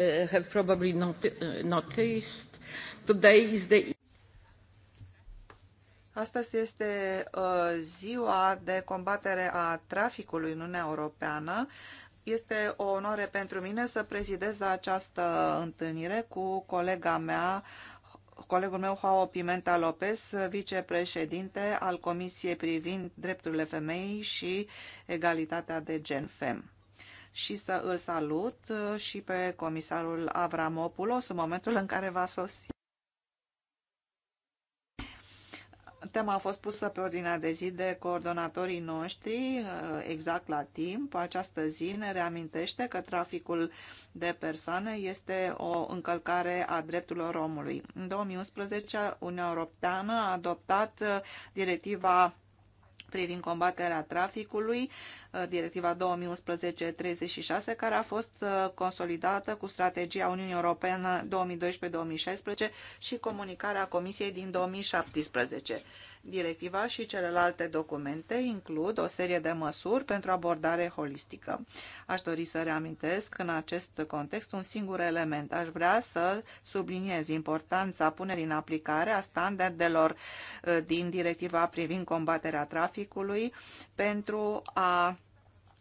Uh, have probably not, uh, noticed, today is the Astăzi este uh, ziua de combatere a traficului în Uniunea Europeană. Este o onoare pentru mine să prezidez această întâlnire cu colega mea, colegul meu Joao Pimenta Lopez, vicepreședinte al Comisiei privind drepturile femeii și egalitatea de gen FEM și să îl salut uh, și pe comisarul Avramopoulos în momentul în care va sosi. Tema a fost pusă pe ordinea de zi de coordonatorii noștri uh, exact la timp. Această zi ne reamintește că traficul de persoane este o încălcare a drepturilor omului. În 2011, Uniunea Europeană a adoptat uh, directiva privind combaterea traficului Uh, directiva 2011-36, care a fost uh, consolidată cu strategia Uniunii Europene 2012-2016 și comunicarea Comisiei din 2017. Directiva și celelalte documente includ o serie de măsuri pentru abordare holistică. Aș dori să reamintesc în acest context un singur element. Aș vrea să subliniez importanța punerii în aplicare a standardelor uh, din directiva privind combaterea traficului pentru a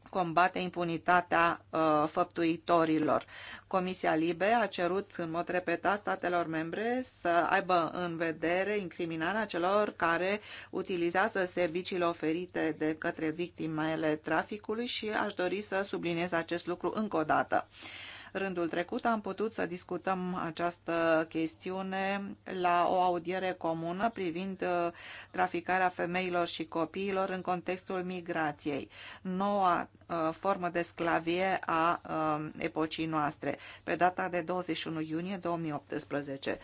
combate impunitatea uh, făptuitorilor. Comisia Libe a cerut în mod repetat statelor membre să aibă în vedere incriminarea celor care utilizează serviciile oferite de către victimele traficului și aș dori să subliniez acest lucru încă o dată. Uh, Rândul trecut am putut să discutăm această chestiune la o audiere comună privind uh, traficarea femeilor și copiilor în contextul migrației, noua uh, formă de sclavie a uh, epocii noastre, pe data de 21 iunie 2018.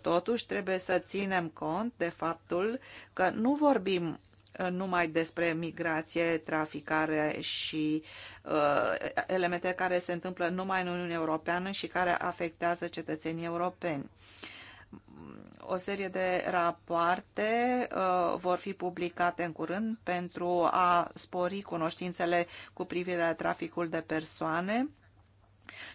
Totuși, trebuie să ținem cont de faptul că nu vorbim numai despre migrație, traficare și uh, elemente care se întâmplă numai în Uniunea Europeană și care afectează cetățenii europeni. O serie de rapoarte uh, vor fi publicate în curând pentru a spori cunoștințele cu privire la traficul de persoane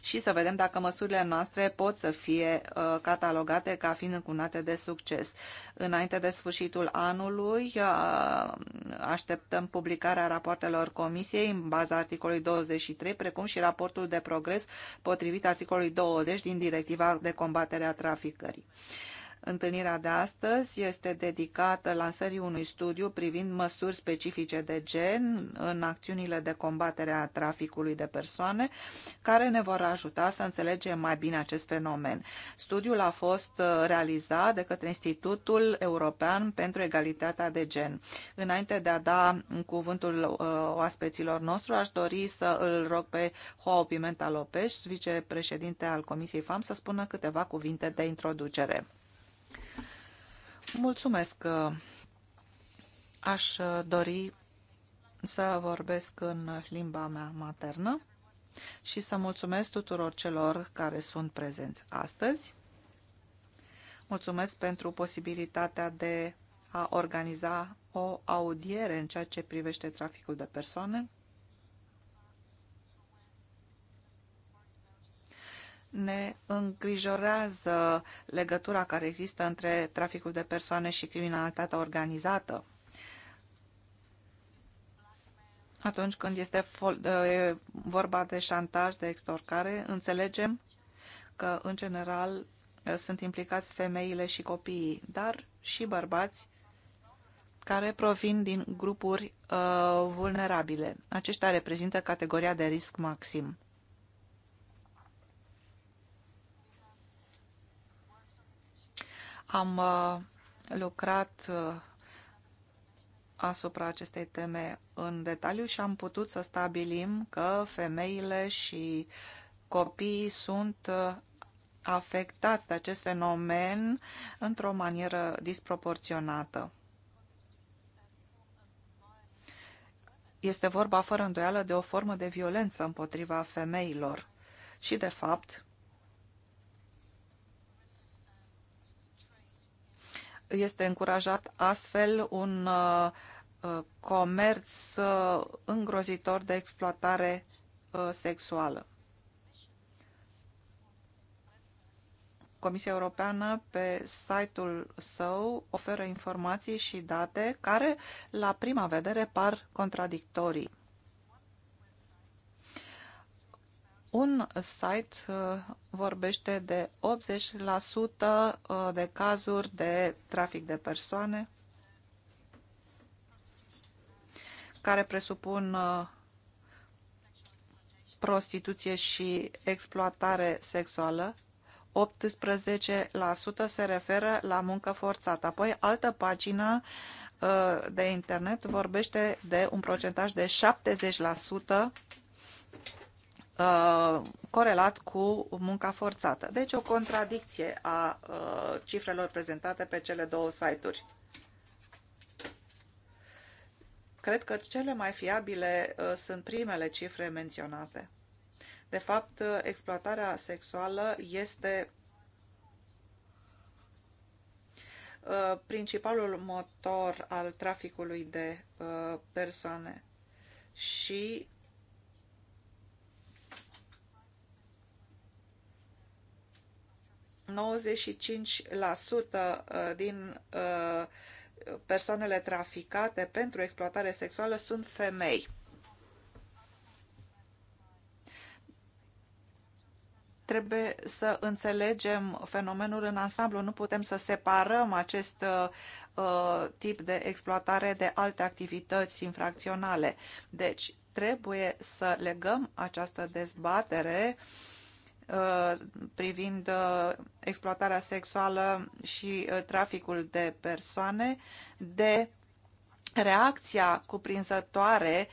și să vedem dacă măsurile noastre pot să fie uh, catalogate ca fiind încunate de succes. Înainte de sfârșitul anului uh, așteptăm publicarea rapoartelor comisiei în baza articolului 23, precum și raportul de progres potrivit articolului 20 din directiva de combatere a traficării. Uh, Întâlnirea de astăzi este dedicată lansării unui studiu privind măsuri specifice de gen în acțiunile de combatere a traficului de persoane, care ne vor ajuta să înțelegem mai bine acest fenomen. Studiul a fost uh, realizat de către Institutul European pentru Egalitatea de Gen. Înainte de a da cuvântul uh, oaspeților nostru, aș dori să îl rog pe Joao Pimenta Lopes, vicepreședinte al Comisiei FAM, să spună câteva cuvinte de introducere. Mulțumesc. Aș dori să vorbesc în limba mea maternă și să mulțumesc tuturor celor care sunt prezenți astăzi. Mulțumesc pentru posibilitatea de a organiza o audiere în ceea ce privește traficul de persoane. ne îngrijorează legătura care există între traficul de persoane și criminalitatea organizată. Atunci când este vorba de șantaj, de extorcare, înțelegem că, în general, sunt implicați femeile și copiii, dar și bărbați care provin din grupuri uh, vulnerabile. Aceștia reprezintă categoria de risc maxim. Am uh, lucrat uh, asupra acestei teme în detaliu și am putut să stabilim că femeile și copiii sunt uh, afectați de acest fenomen într-o manieră disproporționată. Este vorba fără îndoială de o formă de violență împotriva femeilor și, de fapt, Este încurajat astfel un uh, uh, comerț uh, îngrozitor de exploatare sexuală. Comisia Europeană pe site-ul său oferă informații și date care, la prima vedere, par contradictorii. Un site uh, vorbește de 80% uh, de cazuri de trafic de persoane care presupun uh, prostituție și exploatare sexuală. 18% se referă la muncă forțată. Apoi, altă pagină de internet vorbește de un procentaj de 70% uh, corelat cu munca forțată. Deci o contradicție a uh, cifrelor prezentate pe cele două site-uri. Cred că cele mai fiabile uh, sunt primele cifre menționate. De fapt, uh, exploatarea sexuală este uh, principalul motor al traficului de uh, persoane și 95% uh, din uh, persoanele traficate pentru exploatare sexuală sunt femei. trebuie să înțelegem fenomenul în ansamblu. Nu putem să separăm acest uh, uh tip de exploatare de alte activități infracționale. Deci, trebuie să legăm această dezbatere uh, Uh, privind uh, exploatarea sexuală și uh, traficul de persoane, de reacția cuprinzătoare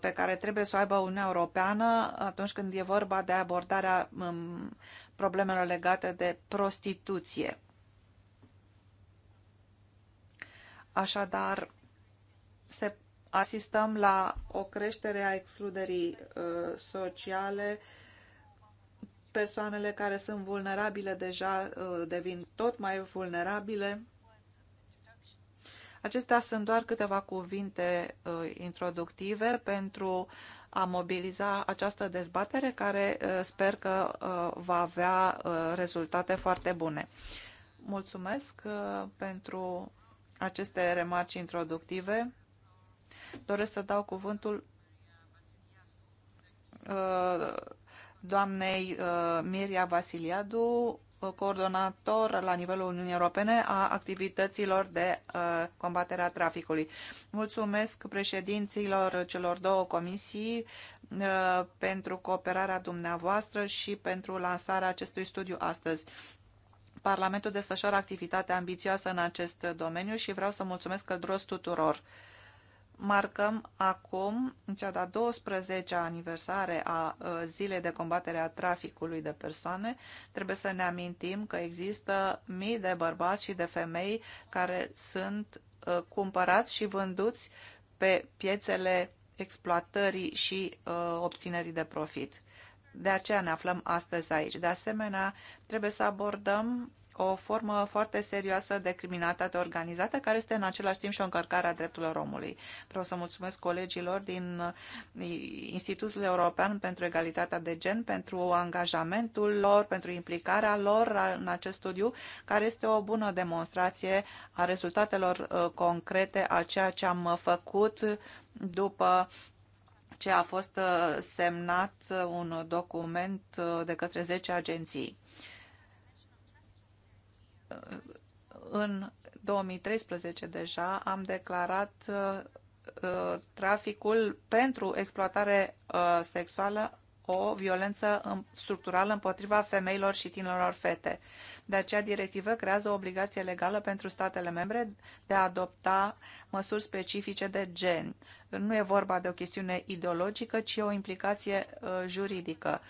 pe care trebuie să o aibă Uniunea Europeană atunci când e vorba de abordarea um, problemelor legate de prostituție. Așadar, se asistăm la o creștere a excluderii sociale persoanele care sunt vulnerabile deja uh, devin tot mai vulnerabile. Acestea sunt doar câteva cuvinte uh, introductive pentru a mobiliza această dezbatere care uh, sper că va avea rezultate foarte bune. Mulțumesc pentru aceste remarci introductive. Doresc să dau cuvântul doamnei uh, Miria Vasiliadu, uh, coordonator la nivelul Uniunii Europene a activităților de uh, combatere a traficului. Mulțumesc președinților celor două comisii pentru cooperarea dumneavoastră și pentru lansarea acestui studiu astăzi. Parlamentul desfășoară activitate ambițioasă în acest domeniu și vreau să mulțumesc călduros tuturor marcăm acum cea de-a 12-a aniversare a uh, zilei de combatere a traficului de persoane. Trebuie să ne amintim că există mii de bărbați și de femei care sunt uh, cumpărați și vânduți pe piețele exploatării și uh, obținerii de profit. De aceea ne aflăm astăzi aici. De asemenea, trebuie să abordăm o formă foarte serioasă de criminalitate organizată, care este în același timp și o încărcare a drepturilor omului. Vreau să mulțumesc colegilor din Institutul European pentru Egalitatea de Gen pentru angajamentul lor, pentru implicarea lor în acest studiu, care este o bună demonstrație a rezultatelor uh, concrete a ceea ce am uh, făcut după ce a fost uh, semnat un document de către 10 agenții în 2013 deja am declarat uh, uh, traficul pentru exploatare uh, sexuală o violență structurală împotriva femeilor și tinerilor fete. De aceea, directivă creează o obligație legală pentru statele membre de a adopta măsuri specifice de gen. Nu e vorba de o chestiune ideologică, ci o implicație juridică.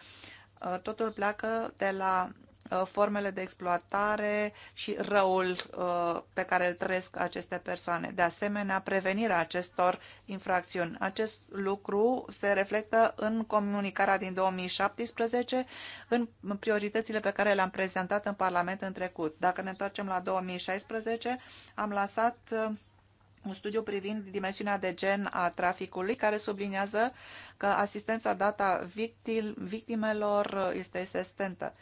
Totul pleacă de la Uh, formele de exploatare și răul uh, pe care îl trăiesc aceste persoane. De asemenea, prevenirea acestor infracțiuni. Acest lucru se reflectă în comunicarea din 2017, în prioritățile pe care le-am prezentat în Parlament în trecut. Dacă ne întoarcem la 2016, am lansat uh, un studiu privind dimensiunea de gen a traficului, care subliniază că asistența dată victimelor este existentă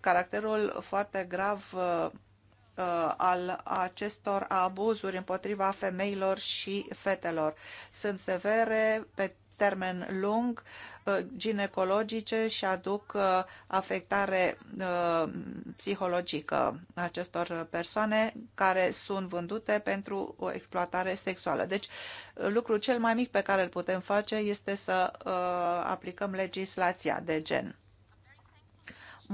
caracterul foarte grav uh, uh, al acestor abuzuri împotriva femeilor și fetelor. Sunt severe pe termen lung, uh, ginecologice și aduc afectare psihologică acestor persoane care sunt vândute pentru o exploatare sexuală. Deci, lucrul cel mai mic pe care îl putem face este să aplicăm legislația de gen.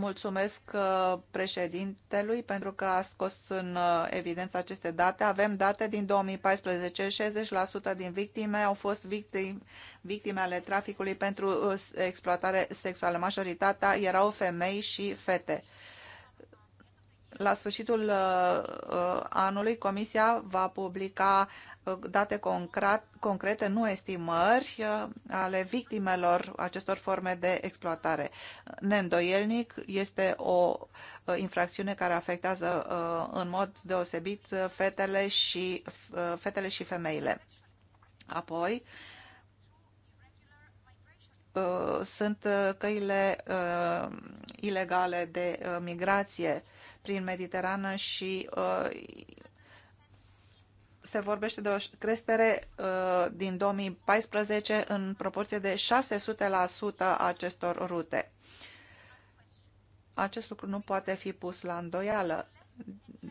Mulțumesc uh, președintelui pentru că a scos în uh, evidență aceste date. Avem date din 2014. 60% din victime au fost victime, victime ale traficului pentru uh, exploatare sexuală. Majoritatea erau femei și fete la sfârșitul uh, uh, anului Comisia va publica uh, date concrete, nu estimări, ale victimelor acestor forme de exploatare. Neîndoielnic este o infracțiune care afectează în mod deosebit fetele și, fetele și femeile. Apoi, Uh, sunt uh, căile uh, ilegale de migrație prin Mediterană și se vorbește de o creștere din 2014 în proporție de 600% acestor rute. Acest lucru nu poate fi pus la îndoială.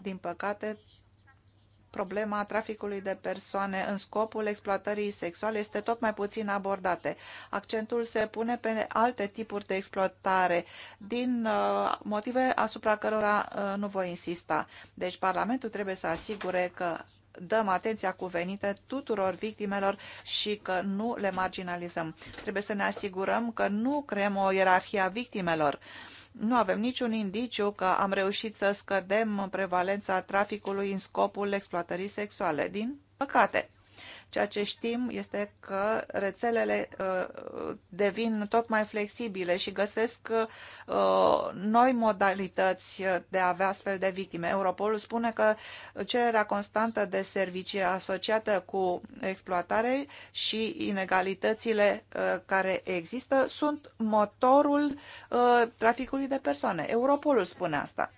Din păcate, problema traficului de persoane în scopul exploatării sexuale este tot mai puțin abordată. Accentul se pune pe alte tipuri de exploatare, din uh, motive asupra cărora uh, nu voi insista. Deci Parlamentul trebuie să asigure că dăm atenția cuvenită tuturor victimelor și că nu le marginalizăm. Trebuie să ne asigurăm că nu creăm o ierarhie a victimelor. Uh, nu avem niciun indiciu că am reușit să scădem prevalența traficului în scopul exploatării sexuale. Din păcate, Ceea ce știm este că rețelele uh, devin tot mai flexibile și găsesc uh, noi modalități de a avea astfel de victime. Europolul spune că cererea constantă de servicii asociată cu exploatare și inegalitățile uh, care există sunt motorul traficului de persoane. Europolul spune asta.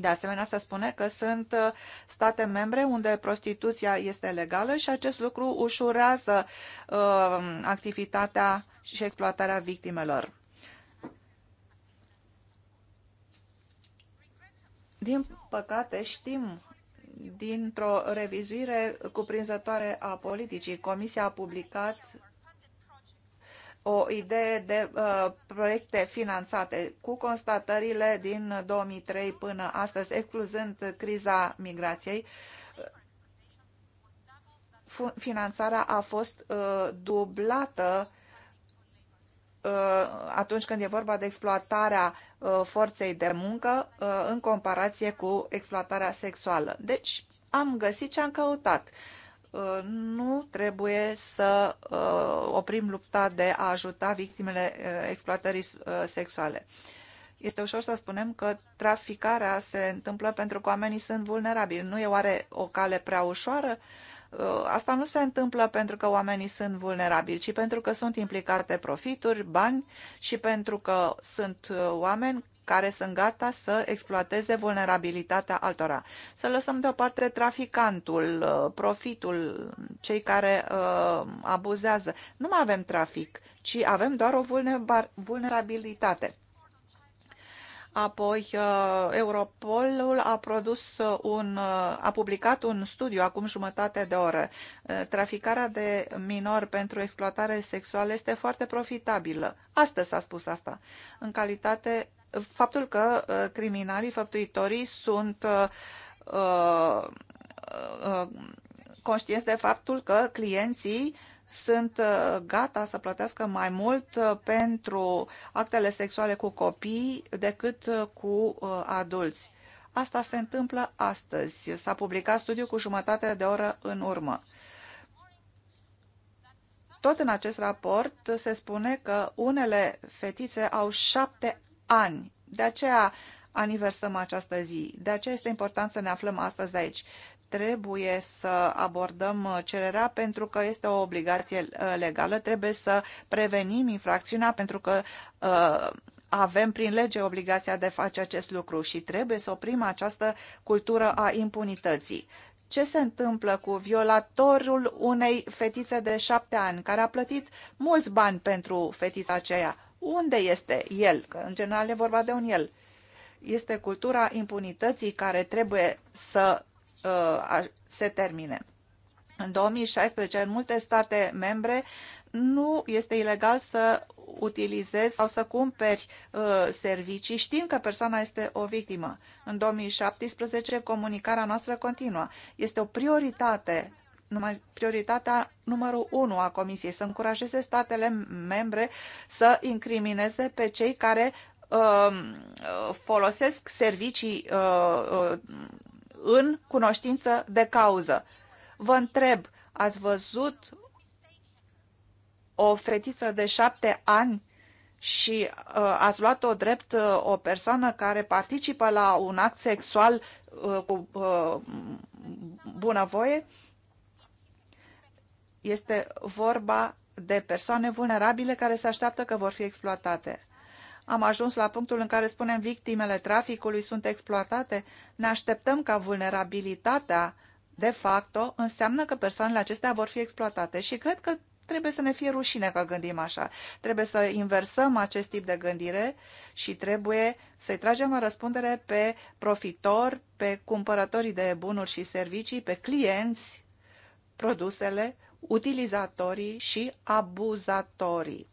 De asemenea, se spune că sunt uh, state membre unde prostituția este legală și acest lucru ușurează uh, activitatea și exploatarea victimelor. Din păcate, știm dintr-o revizuire cuprinzătoare a politicii. Comisia a publicat o idee de uh, proiecte finanțate cu constatările din 2003 până astăzi, excluzând criza migrației. Finanțarea a fost uh, dublată uh, atunci când e vorba de exploatarea uh, forței de muncă uh, în comparație cu exploatarea sexuală. Deci am găsit ce am căutat. Uh, nu trebuie să uh, oprim lupta de a ajuta victimele uh, exploatării sexuale. Este ușor să spunem că traficarea se întâmplă pentru că oamenii sunt vulnerabili. Nu e oare o cale prea ușoară? Asta nu se întâmplă pentru că oamenii sunt vulnerabili, ci pentru că sunt implicate profituri, bani și pentru că sunt oameni care sunt gata să exploateze vulnerabilitatea altora. Să lăsăm deoparte traficantul, uh, profitul, cei care uh, abuzează. Nu mai avem trafic, ci avem doar o vulnerabilitate. Apoi, uh, Europolul a produs uh, un, a publicat un studiu acum jumătate de oră. Traficarea de minori pentru exploatare sexuală este foarte profitabilă. Astăzi s-a spus asta. În calitate faptul că uh, criminalii făptuitorii sunt uh, uh, conștienți de faptul că clienții sunt gata să plătească mai mult pentru actele sexuale cu copii decât cu adulți. Asta se întâmplă astăzi. S-a publicat studiu cu jumătate de oră în urmă. Tot în acest raport se spune că unele fetițe au șapte ani. De aceea aniversăm această zi. De aceea este important să ne aflăm astăzi aici. Trebuie să abordăm cererea pentru că este o obligație uh, legală. Trebuie să prevenim infracțiunea pentru că uh, avem prin lege obligația de a face acest lucru și trebuie să oprim această cultură a impunității. Ce se întâmplă cu violatorul unei fetițe de șapte ani care a plătit mulți bani pentru fetița aceea? unde este el, că în general e vorba de un el. Este cultura impunității care trebuie să uh, se termine. În 2016, în multe state membre, nu este ilegal să utilizezi sau să cumperi uh, servicii știind că persoana este o victimă. În 2017, comunicarea noastră continuă. Este o prioritate prioritatea numărul 1 a Comisiei, să încurajeze statele membre să incrimineze pe cei care uh, folosesc servicii uh, uh, în cunoștință de cauză. Vă întreb, ați văzut o fetiță de șapte ani și uh, ați luat-o drept uh, o persoană care participă la un act sexual uh, cu uh, bunăvoie? Uh, este vorba de persoane vulnerabile care se așteaptă că vor fi exploatate. Am ajuns la punctul în care spunem victimele traficului sunt exploatate. Ne așteptăm ca vulnerabilitatea de facto înseamnă că persoanele acestea vor fi exploatate și cred că trebuie să ne fie rușine că gândim așa. Trebuie să inversăm acest tip de gândire și trebuie să-i tragem în răspundere pe profitor, pe cumpărătorii de bunuri și servicii, pe clienți, produsele utilizatorii și abuzatorii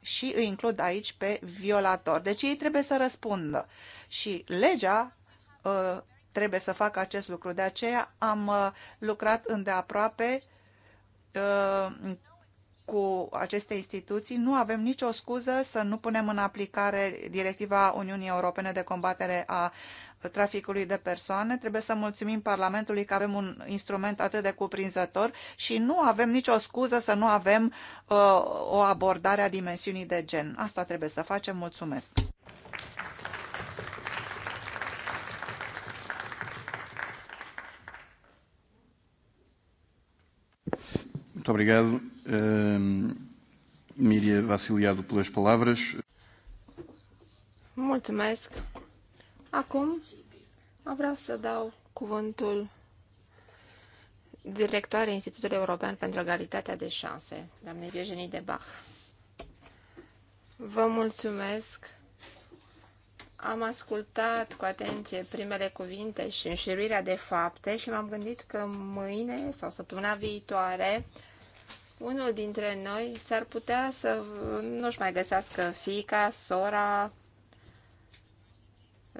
și îi includ aici pe violator. Deci ei trebuie să răspundă și legea uh, trebuie să facă acest lucru. De aceea am uh, lucrat îndeaproape uh, cu aceste instituții. Nu avem nicio scuză să nu punem în aplicare directiva Uniunii Europene de combatere a traficului de persoane. Trebuie să mulțumim Parlamentului că avem un instrument atât de cuprinzător și nu avem nicio scuză să nu avem uh, o abordare a dimensiunii de gen. Asta trebuie să facem. Mulțumesc! Muito obrigado, uh, ehm, Miria Vassiliado, pelas palavras. Mulțumesc Acum vreau să dau cuvântul directoarei Institutului European pentru Egalitatea de Șanse, doamnei Virginie de Bach. Vă mulțumesc! Am ascultat cu atenție primele cuvinte și înșiruirea de fapte și m-am gândit că mâine sau săptămâna viitoare unul dintre noi s-ar putea să nu-și mai găsească fica, sora,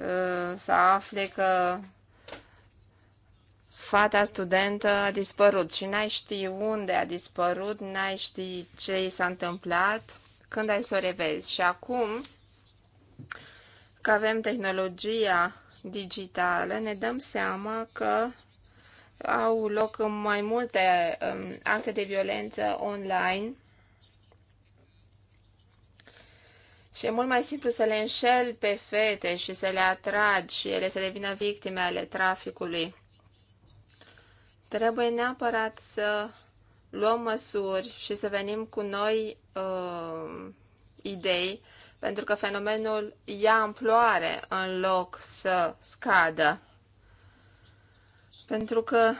Uh, să afle că fata studentă a dispărut și n-ai ști unde a dispărut, n-ai ști ce i s-a întâmplat, când ai să o revezi. Și acum că avem tehnologia digitală, ne dăm seama că au loc mai multe um, acte de violență online Și e mult mai simplu să le înșeli pe fete și să le atragi și ele să devină victime ale traficului. Trebuie neapărat să luăm măsuri și să venim cu noi uh, idei, pentru că fenomenul ia amploare în loc să scadă. Pentru că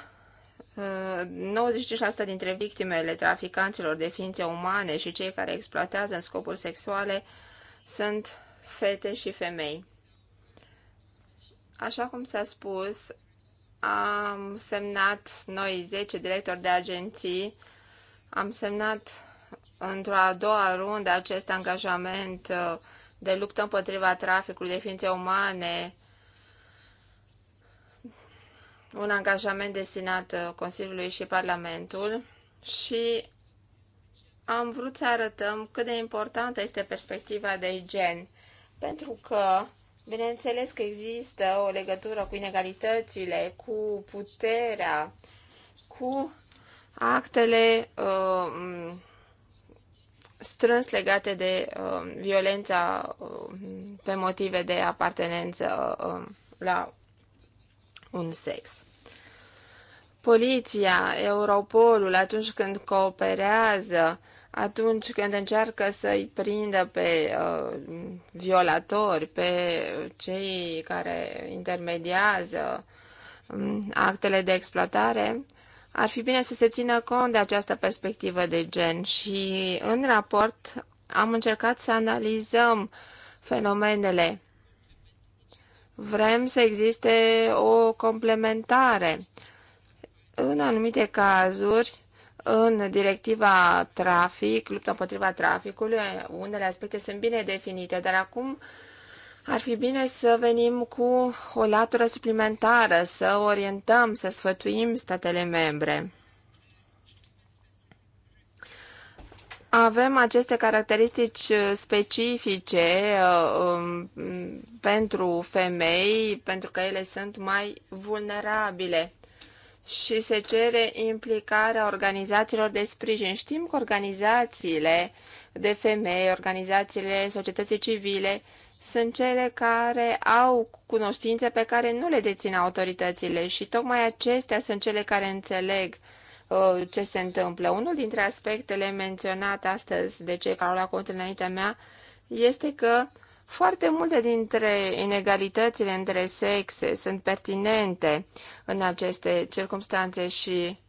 95% uh, dintre victimele traficanților de ființe umane și cei care exploatează în scopuri sexuale sunt fete și femei. Așa cum s-a spus, am semnat noi 10 directori de agenții, am semnat într-o a doua rundă acest angajament uh, de luptă împotriva traficului de ființe umane, un angajament destinat uh, Consiliului și Parlamentul și am vrut să arătăm cât de importantă este perspectiva de gen, pentru că, bineînțeles că există o legătură cu inegalitățile, cu puterea, cu actele uh, strâns legate de uh, violența uh, pe motive de apartenență uh, la un sex. Poliția, Europolul, atunci când cooperează atunci când încearcă să-i prindă pe uh, violatori, pe cei care intermediază um, actele de exploatare, ar fi bine să se țină cont de această perspectivă de gen și în raport am încercat să analizăm fenomenele. Vrem să existe o complementare. În anumite cazuri, în directiva trafic, lupta împotriva traficului, unele aspecte sunt bine definite, dar acum ar fi bine să venim cu o latură suplimentară, să orientăm, să sfătuim statele membre. Avem aceste caracteristici specifice uh, um, pentru femei, pentru că ele sunt mai vulnerabile și se cere implicarea organizațiilor de sprijin. Știm că organizațiile de femei, organizațiile societății civile sunt cele care au cunoștințe pe care nu le dețin autoritățile și tocmai acestea sunt cele care înțeleg uh, ce se întâmplă. Unul dintre aspectele menționate astăzi de cei care au luat cuvântul înaintea mea este că foarte multe dintre inegalitățile între sexe sunt pertinente în aceste circunstanțe și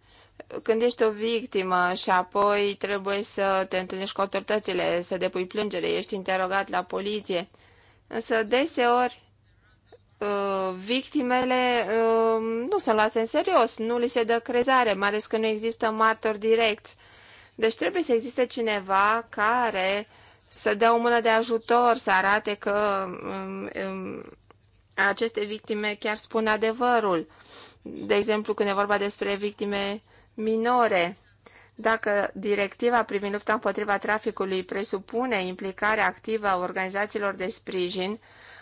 când ești o victimă și apoi trebuie să te întâlnești cu autoritățile, să depui plângere, ești interogat la poliție. Însă deseori uh, victimele uh, nu sunt luate în serios, nu li se dă crezare, mai ales că nu există martori direct. Deci trebuie să existe cineva care să dea o mână de ajutor, să arate că um, um, aceste victime chiar spun adevărul. De exemplu, când e vorba despre victime minore, dacă directiva privind lupta împotriva traficului presupune implicarea activă a organizațiilor de sprijin,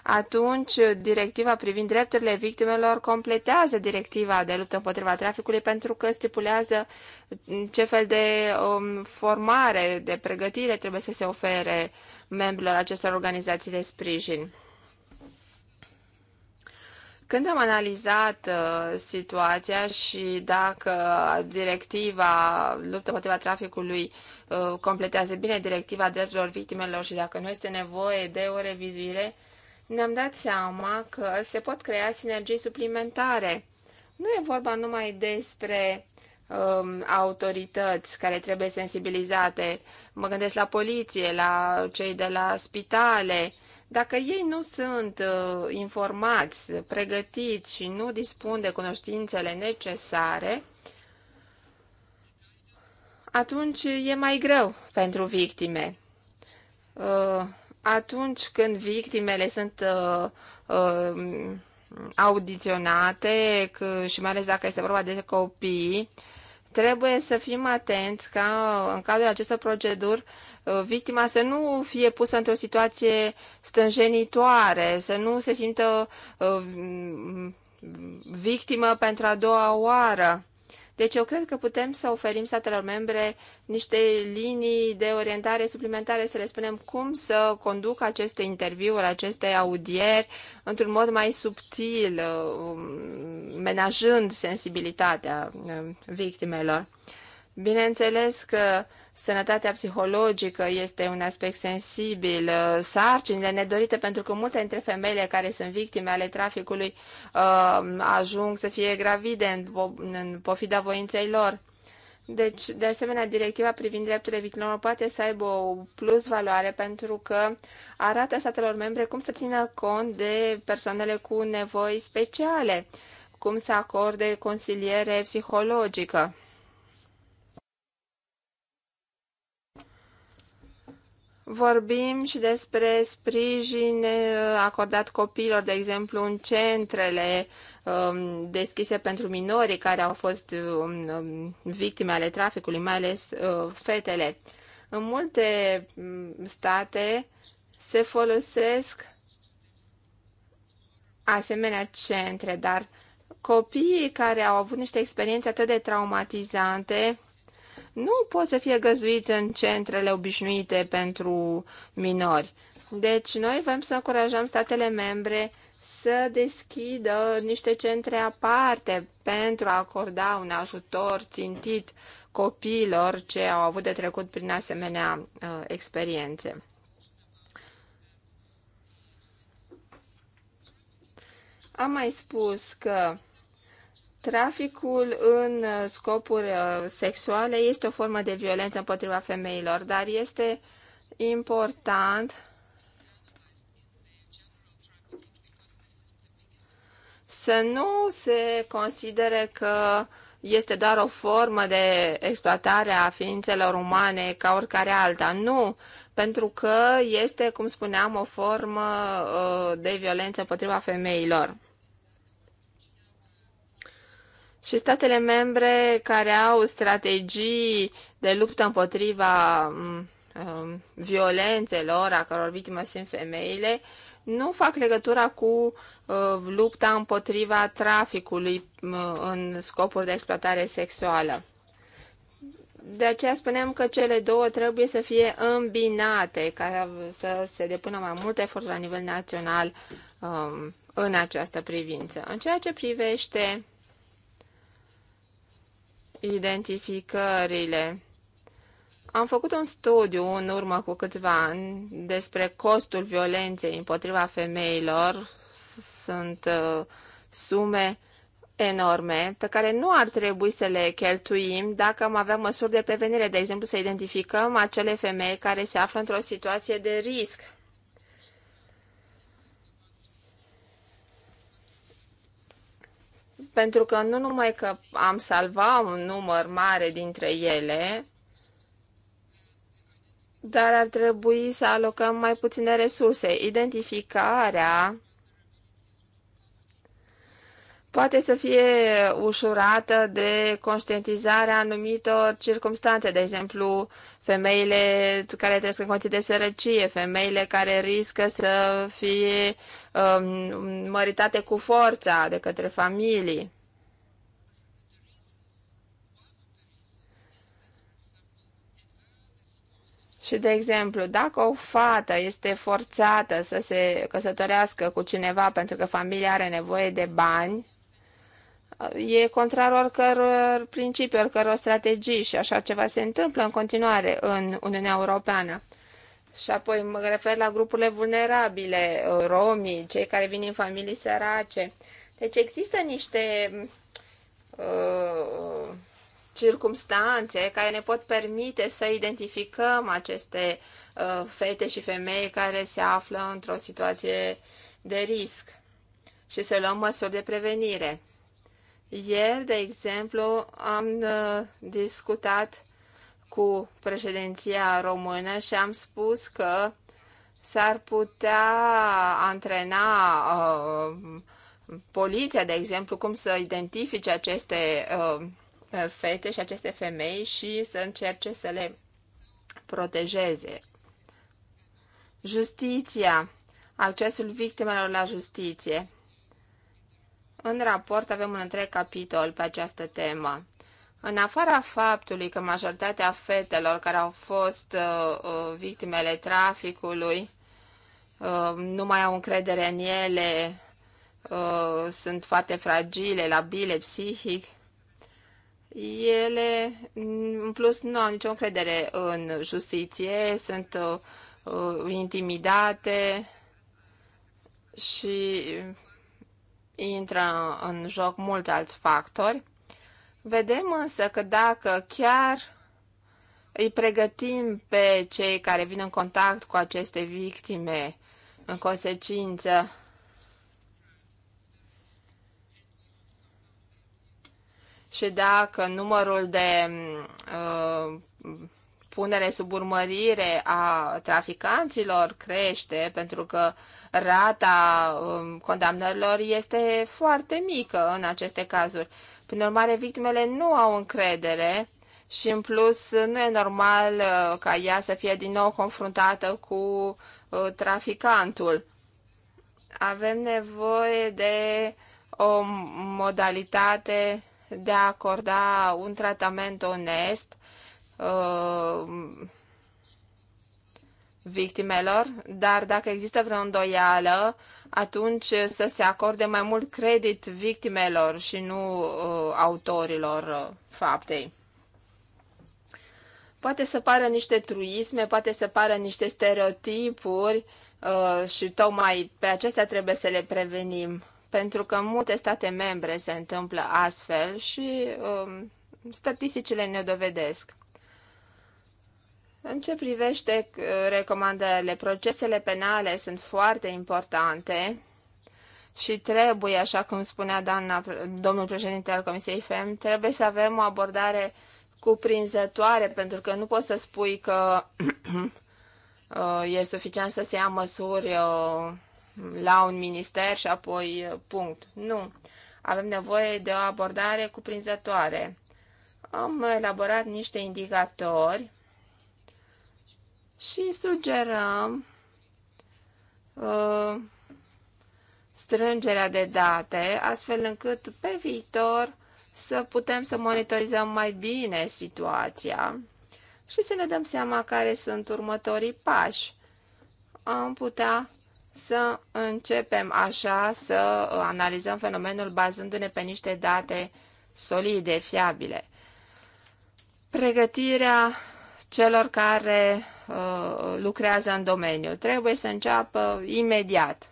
atunci directiva privind drepturile victimelor completează directiva de luptă împotriva traficului pentru că stipulează ce fel de um, formare, de pregătire trebuie să se ofere membrilor acestor organizații de sprijin. Când am analizat uh, situația și dacă directiva luptă împotriva traficului uh, completează bine directiva drepturilor victimelor și dacă nu este nevoie de o revizuire, ne-am dat seama că se pot crea sinergii suplimentare. Nu e vorba numai despre um, autorități care trebuie sensibilizate. Mă gândesc la poliție, la cei de la spitale. Dacă ei nu sunt uh, informați, pregătiți și nu dispun de cunoștințele necesare, atunci e mai greu pentru victime. Uh, atunci când victimele sunt uh, uh, audiționate că, și mai ales dacă este vorba de copii, trebuie să fim atenți ca în cadrul acestor proceduri uh, victima să nu fie pusă într-o situație stânjenitoare, să nu se simtă uh, victimă pentru a doua oară. Deci eu cred că putem să oferim statelor membre niște linii de orientare suplimentare, să le spunem cum să conducă aceste interviuri, aceste audieri, într-un mod mai subtil, um, menajând sensibilitatea um, victimelor. Bineînțeles că Sănătatea psihologică este un aspect sensibil, uh, sarcinile nedorite, pentru că multe dintre femeile care sunt victime ale traficului uh, ajung să fie gravide în pofida voinței lor. Deci, de asemenea, directiva privind drepturile victimelor poate să aibă o plus valoare pentru că arată statelor membre cum să țină cont de persoanele cu nevoi speciale, cum să acorde consiliere psihologică Vorbim și despre sprijin eh, acordat copiilor, de exemplu, în centrele um, deschise pentru minorii care au fost um, um, victime ale traficului, mai ales uh, fetele. În multe mm, state se folosesc asemenea centre, dar copiii care au avut niște experiențe atât de traumatizante nu pot să fie găzduiți în centrele obișnuite pentru minori. Deci noi vrem să încurajăm statele membre să deschidă niște centre aparte pentru a acorda un ajutor țintit copiilor ce au avut de trecut prin asemenea uh, experiențe. Am mai spus că Traficul în uh, scopuri uh, sexuale este o formă de violență împotriva femeilor, dar este important să nu se considere că este doar o formă de exploatare a ființelor umane ca oricare alta. Nu, pentru că este, cum spuneam, o formă uh, de violență împotriva femeilor. Și statele membre care au strategii de luptă împotriva um, violențelor, a căror victime sunt femeile, nu fac legătura cu uh, lupta împotriva traficului uh, în scopuri de exploatare sexuală. De aceea spuneam că cele două trebuie să fie îmbinate ca să se depună mai multe eforturi la nivel național um, în această privință. În ceea ce privește identificările. Am făcut un studiu în urmă cu câțiva ani despre costul violenței împotriva femeilor. Sunt uh, sume enorme pe care nu ar trebui să le cheltuim dacă am avea măsuri de prevenire, de exemplu să identificăm acele femei care se află într-o situație de risc pentru că nu numai că am salvat un număr mare dintre ele, dar ar trebui să alocăm mai puține resurse. Identificarea poate să fie ușurată de conștientizarea anumitor circumstanțe, de exemplu, femeile care trăiesc în condiții de sărăcie, femeile care riscă să fie Um, măritate cu forța de către familii. Și, de exemplu, dacă o fată este forțată să se căsătorească cu cineva pentru că familia are nevoie de bani, e contrar oricăror principii, oricăror strategii și așa ceva se întâmplă în continuare în Uniunea Europeană. Și apoi mă refer la grupurile vulnerabile, romii, cei care vin din familii sărace. Deci există niște uh, circumstanțe care ne pot permite să identificăm aceste uh, fete și femei care se află într-o situație de risc și să luăm măsuri de prevenire. Ieri, de exemplu, am uh, discutat cu președinția română și am spus că s-ar putea antrena uh, poliția, de exemplu, cum să identifice aceste uh, fete și aceste femei și să încerce să le protejeze. Justiția, accesul victimelor la justiție. În raport avem un întreg capitol pe această temă. În afara faptului că majoritatea fetelor care au fost uh, uh, victimele traficului uh, nu mai au încredere în ele, uh, sunt foarte fragile, labile, psihic, ele, în plus, nu au nicio încredere în justiție, sunt uh, uh intimidate și intră în joc mulți alți factori. Vedem însă că dacă chiar îi pregătim pe cei care vin în contact cu aceste victime, în consecință, și dacă numărul de uh, punere sub urmărire a traficanților crește, pentru că rata uh, condamnărilor este foarte mică în aceste cazuri. Uh, prin urmare, victimele nu au încredere și, în plus, nu e normal uh, ca ea să fie din nou confruntată cu uh, traficantul. Avem nevoie de o modalitate de a acorda un tratament onest uh, victimelor, dar dacă există vreo îndoială, atunci să se acorde mai mult credit victimelor și nu uh, autorilor uh, faptei. Poate să pară niște truisme, poate să pară niște stereotipuri uh, și tocmai pe acestea trebuie să le prevenim, pentru că în multe state membre se întâmplă astfel și uh, statisticile ne dovedesc. În ce privește uh, recomandările, procesele penale sunt foarte importante și trebuie, așa cum spunea doamna, domnul președinte al Comisiei FEM, trebuie să avem o abordare cuprinzătoare, pentru că nu poți să spui că uh, e suficient să se ia măsuri uh, la un minister și apoi punct. Nu. Avem nevoie de o abordare cuprinzătoare. Am elaborat niște indicatori și sugerăm uh, strângerea de date, astfel încât pe viitor să putem să monitorizăm mai bine situația și să ne dăm seama care sunt următorii pași. Am putea să începem așa să analizăm fenomenul bazându-ne pe niște date solide, fiabile. Pregătirea celor care uh, lucrează în domeniu. Trebuie să înceapă imediat.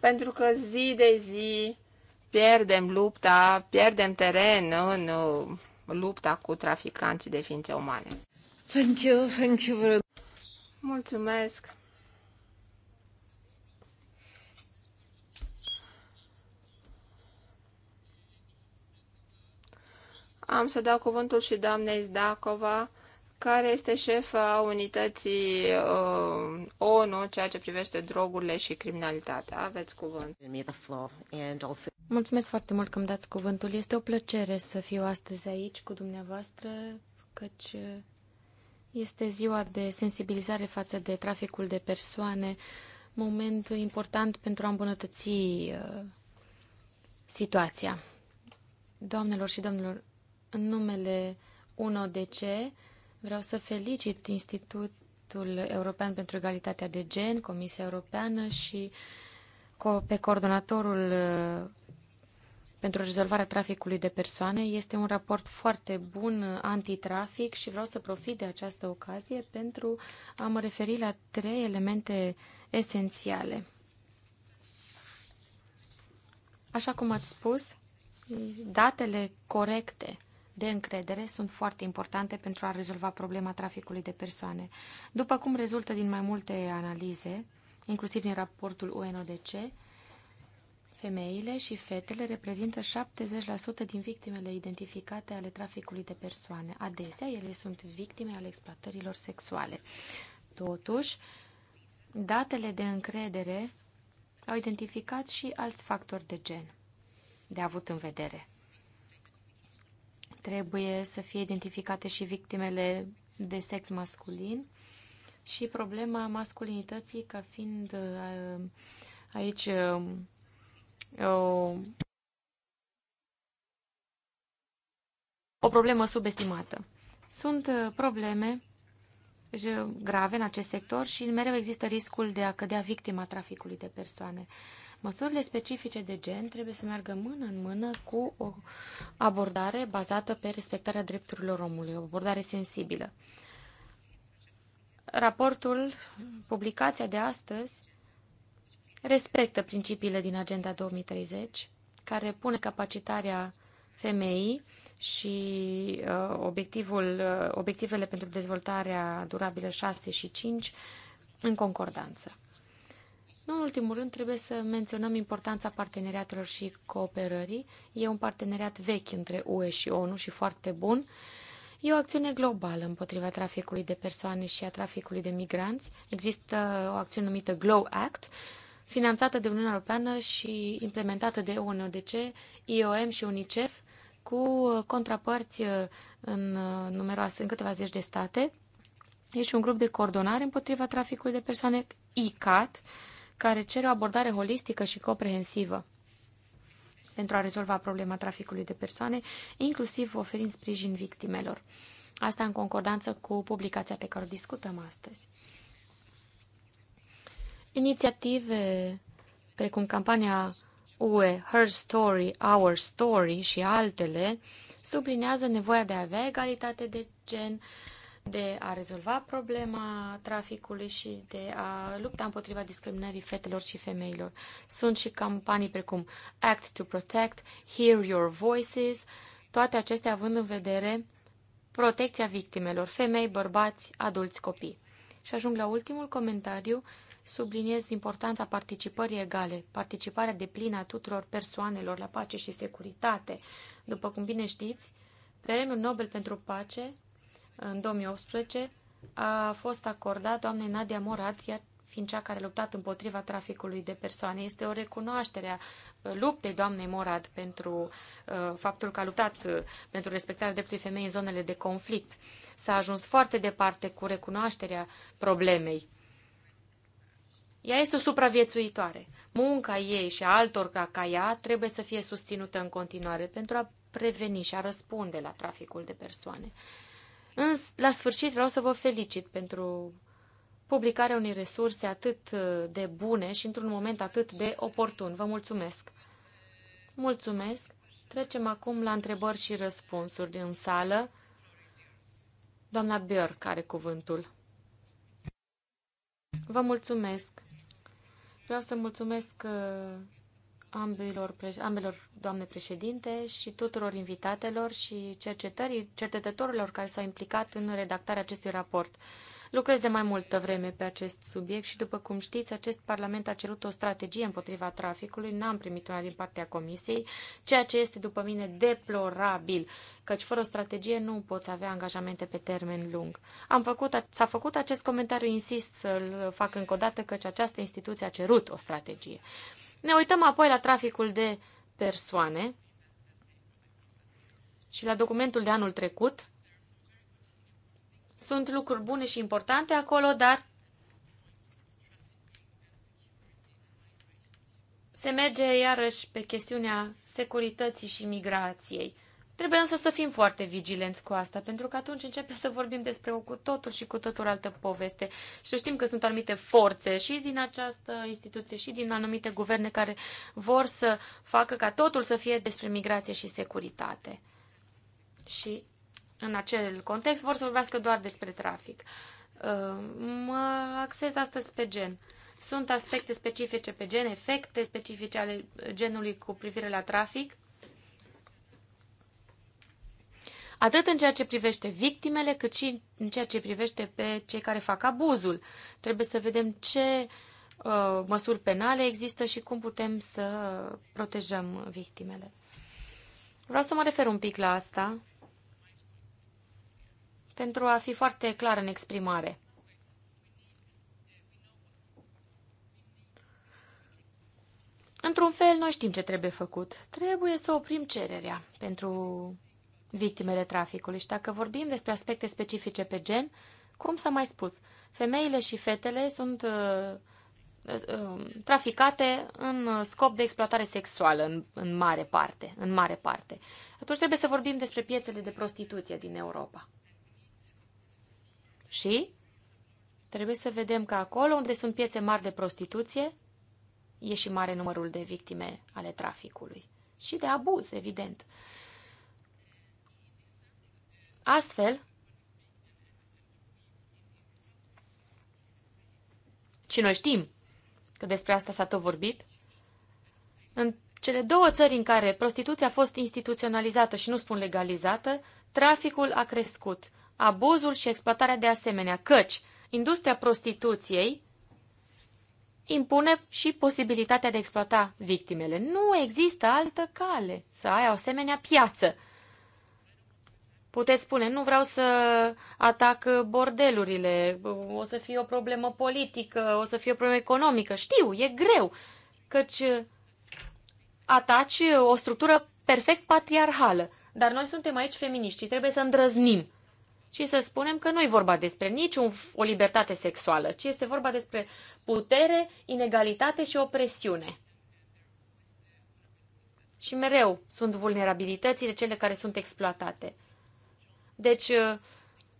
Pentru că zi de zi pierdem lupta, pierdem teren în uh, lupta cu traficanții de ființe umane. Thank you, thank you very much. Mulțumesc. Am să dau cuvântul și doamnei Zdacova care este șefa unității uh, ONU, ceea ce privește drogurile și criminalitatea. Aveți cuvânt. Mulțumesc foarte mult că îmi dați cuvântul. Este o plăcere să fiu astăzi aici cu dumneavoastră, căci este ziua de sensibilizare față de traficul de persoane, moment important pentru a îmbunătăți uh, situația. Doamnelor și domnilor, în numele 1DC, Vreau să felicit Institutul European pentru Egalitatea de Gen, Comisia Europeană și pe coordonatorul uh, pentru rezolvarea traficului de persoane. Este un raport foarte bun uh, antitrafic și vreau să profit de această ocazie pentru a mă referi la trei elemente esențiale. Așa cum ați spus, datele corecte de încredere sunt foarte importante pentru a rezolva problema traficului de persoane. După cum rezultă din mai multe analize, inclusiv din raportul UNODC, femeile și fetele reprezintă 70% din victimele identificate ale traficului de persoane. Adesea, ele sunt victime ale exploatărilor sexuale. Totuși, datele de încredere au identificat și alți factori de gen de avut în vedere. Trebuie să fie identificate și victimele de sex masculin și problema masculinității ca fiind uh, aici uh, o, o problemă subestimată. Sunt uh, probleme grave în acest sector și mereu există riscul de a cădea victima traficului de persoane. Măsurile specifice de gen trebuie să meargă mână în mână cu o abordare bazată pe respectarea drepturilor omului, o abordare sensibilă. Raportul, publicația de astăzi, respectă principiile din Agenda 2030, care pune capacitarea femeii și uh, obiectivul, uh, obiectivele pentru dezvoltarea durabilă 6 și 5 în concordanță. Nu în ultimul rând, trebuie să menționăm importanța parteneriatelor și cooperării. E un parteneriat vechi între UE și ONU și foarte bun. E o acțiune globală împotriva traficului de persoane și a traficului de migranți. Există o acțiune numită GLOW Act, finanțată de Uniunea Europeană și implementată de UNODC, IOM și UNICEF, cu contrapărți uh, în, uh, numeroase, în câteva zeci de state. E și un grup de coordonare împotriva traficului de persoane, ICAT, care cere o abordare holistică și comprehensivă pentru a rezolva problema traficului de persoane, inclusiv oferind sprijin victimelor. Asta în concordanță cu publicația pe care o discutăm astăzi. Inițiative precum campania UE Her Story, Our Story și altele sublinează nevoia de a avea egalitate de gen, de a rezolva problema traficului și de a lupta împotriva discriminării fetelor și femeilor. Sunt și campanii precum Act to Protect, Hear Your Voices, toate acestea având în vedere protecția victimelor, femei, bărbați, adulți, copii. Și ajung la ultimul comentariu, subliniez importanța participării egale, participarea de plină a tuturor persoanelor la pace și securitate. După cum bine știți, Premiul Nobel pentru Pace în 2018 a fost acordat doamnei Nadia Morat, ea fiind cea care a luptat împotriva traficului de persoane. Este o recunoaștere a uh, luptei doamnei Morad pentru uh, faptul că a luptat uh, pentru respectarea dreptului femei în zonele de conflict. S-a ajuns foarte departe cu recunoașterea problemei. Ea este o supraviețuitoare. Munca ei și a altor ca ea trebuie să fie susținută în continuare pentru a preveni și a răspunde la traficul de persoane. Uh, în, la sfârșit vreau să vă felicit pentru publicarea unei resurse atât uh, de bune și într-un moment atât de oportun. Vă mulțumesc! Mulțumesc! Trecem acum la întrebări și răspunsuri din sală. Doamna Björk are cuvântul. Vă mulțumesc! Vreau să mulțumesc uh, ambelor, ambelor doamne președinte și tuturor invitatelor și cercetării, cercetătorilor care s-au implicat în redactarea acestui raport. Lucrez de mai multă vreme pe acest subiect și, după cum știți, acest Parlament a cerut o strategie împotriva traficului, n-am primit una din partea Comisiei, ceea ce este, după mine, deplorabil, căci fără o strategie nu poți avea angajamente pe termen lung. Am făcut, s-a făcut acest comentariu, insist să-l fac încă o dată, căci această instituție a cerut o strategie. Ne uităm apoi la traficul de persoane și la documentul de anul trecut. Sunt lucruri bune și importante acolo, dar se merge iarăși pe chestiunea securității și migrației. Trebuie însă să fim foarte vigilenți cu asta, pentru că atunci începem să vorbim despre o cu totul și cu totul altă poveste. Și știm că sunt anumite forțe și din această instituție și din anumite guverne care vor să facă ca totul să fie despre migrație și securitate. Și în acel context vor să vorbească doar despre trafic. Uh, mă axez astăzi pe gen. Sunt aspecte specifice pe gen, efecte specifice ale genului cu privire la trafic, atât în ceea ce privește victimele, cât și în ceea ce privește pe cei care fac abuzul. Trebuie să vedem ce uh, măsuri penale există și cum putem să protejăm victimele. Vreau să mă refer un pic la asta pentru a fi foarte clar în exprimare. Într-un fel, noi știm ce trebuie făcut. Trebuie să oprim cererea pentru victimele traficului. Și dacă vorbim despre aspecte specifice pe gen, cum s-a mai spus, femeile și fetele sunt uh, uh, um, traficate în uh, scop de exploatare sexuală în, în mare parte, în mare parte. Atunci trebuie să vorbim despre piețele de prostituție din Europa. Și trebuie să vedem că acolo unde sunt piețe mari de prostituție, e și mare numărul de victime ale traficului și de abuz, evident. Astfel, și noi știm că despre asta s-a tot vorbit, în cele două țări în care prostituția a fost instituționalizată și nu spun legalizată, traficul a crescut, abuzul și exploatarea de asemenea, căci industria prostituției impune și posibilitatea de a exploata victimele. Nu există altă cale să ai o asemenea piață. Puteți spune, nu vreau să atac bordelurile, o să fie o problemă politică, o să fie o problemă economică. Știu, e greu, căci ataci o structură perfect patriarhală. Dar noi suntem aici feminiști și trebuie să îndrăznim și să spunem că nu e vorba despre nici o libertate sexuală, ci este vorba despre putere, inegalitate și opresiune. Și mereu sunt vulnerabilitățile cele care sunt exploatate. Deci, uh,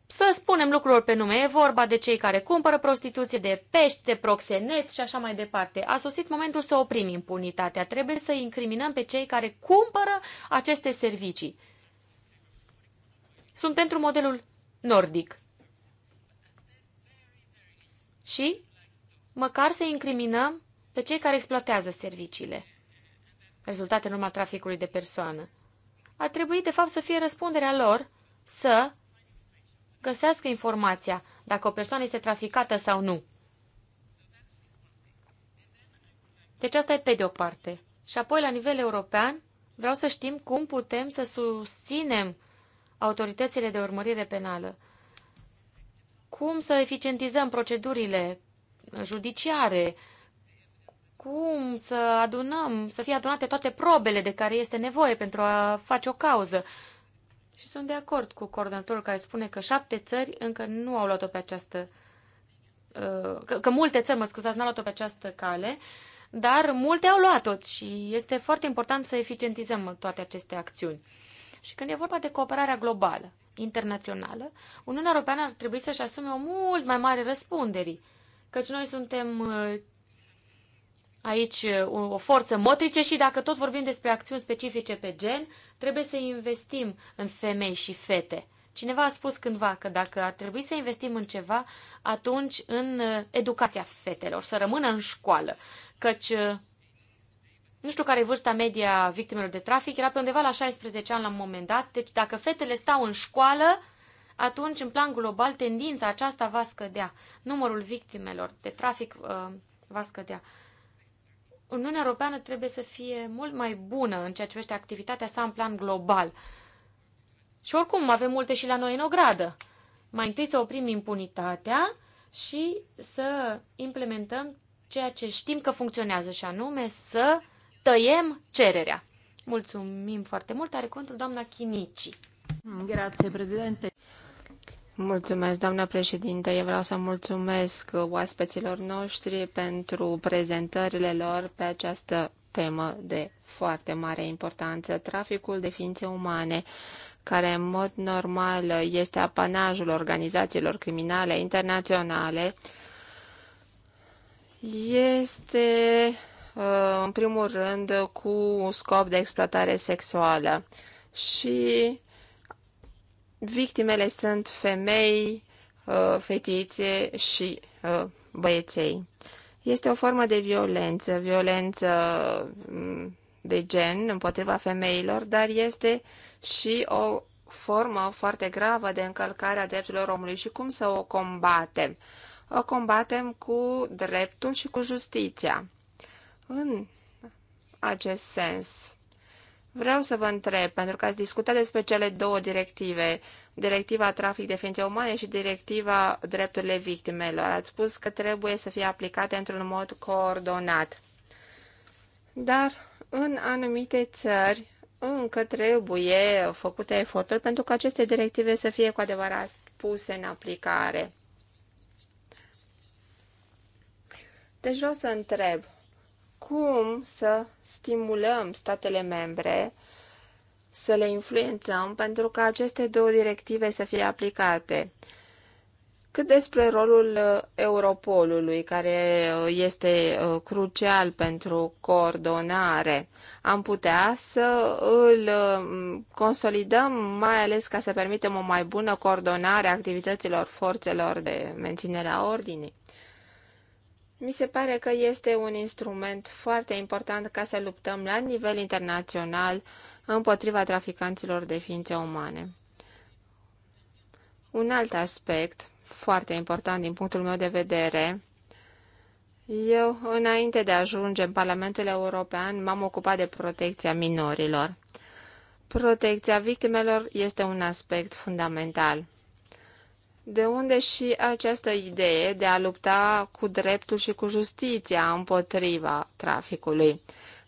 să spunem lucrurilor pe nume, e vorba de cei care cumpără prostituție, de pești, de proxeneți și așa mai departe. A sosit momentul să oprim impunitatea. Trebuie să incriminăm pe cei care cumpără aceste servicii. Sunt pentru modelul nordic. Și măcar să incriminăm pe cei care exploatează serviciile. Rezultate în urma traficului de persoană. Ar trebui, de fapt, să fie răspunderea lor să găsească informația dacă o persoană este traficată sau nu. Deci asta e pe de o parte. Și apoi, la nivel european, vreau să știm cum putem să susținem autoritățile de urmărire penală. Cum să eficientizăm procedurile judiciare, cum să adunăm, să fie adunate toate probele de care este nevoie pentru a face o cauză. Și sunt de acord cu coordonatorul care spune că șapte țări încă nu au luat-o pe această... Uh, că, că multe țări, mă scuzați, n-au luat-o pe această cale, dar multe au luat-o și este foarte important să eficientizăm toate aceste acțiuni. Și când e vorba de cooperarea globală, internațională, Uniunea Europeană ar trebui să-și asume o mult mai mare răspundere, căci noi suntem uh, aici o forță motrice și dacă tot vorbim despre acțiuni specifice pe gen, trebuie să investim în femei și fete. Cineva a spus cândva că dacă ar trebui să investim în ceva, atunci în educația fetelor, să rămână în școală, căci nu știu care e vârsta media victimelor de trafic, era pe undeva la 16 ani la un moment dat, deci dacă fetele stau în școală, atunci, în plan global, tendința aceasta va scădea. Numărul victimelor de trafic uh, va scădea. Uniunea Europeană trebuie să fie mult mai bună în ceea ce privește activitatea sa în plan global. Și oricum avem multe și la noi în ogradă. Mai întâi să oprim impunitatea și să implementăm ceea ce știm că funcționează și anume să tăiem cererea. Mulțumim foarte mult. Are contul doamna Chinici. Grazie, președinte. Mulțumesc, doamna președinte. Eu vreau să mulțumesc oaspeților noștri pentru prezentările lor pe această temă de foarte mare importanță, traficul de ființe umane, care în mod normal este apanajul organizațiilor criminale internaționale, este uh, în primul rând cu scop de exploatare sexuală și Victimele sunt femei, uh, fetițe și uh, băieței. Este o formă de violență, violență mm, de gen împotriva femeilor, dar este și o formă foarte gravă de încălcare a drepturilor omului și cum să o combatem? O combatem cu dreptul și cu justiția. În acest sens, Vreau să vă întreb, pentru că ați discutat despre cele două directive, directiva trafic de ființe umane și directiva drepturile victimelor. Ați spus că trebuie să fie aplicate într-un mod coordonat. Dar în anumite țări încă trebuie făcute eforturi pentru că aceste directive să fie cu adevărat puse în aplicare. Deci vreau să întreb, cum să stimulăm statele membre să le influențăm pentru ca aceste două directive să fie aplicate. Cât despre rolul uh, Europolului, care uh, este uh, crucial pentru coordonare, am putea să îl um, consolidăm, mai ales ca să permitem o mai bună coordonare a activităților forțelor de menținere a ordinii. Mi se pare că este un instrument foarte important ca să luptăm la nivel internațional împotriva traficanților de ființe umane. Un alt aspect foarte important din punctul meu de vedere, eu, înainte de a ajunge în Parlamentul European, m-am ocupat de protecția minorilor. Protecția victimelor este un aspect fundamental. De unde și această idee de a lupta cu dreptul și cu justiția împotriva traficului.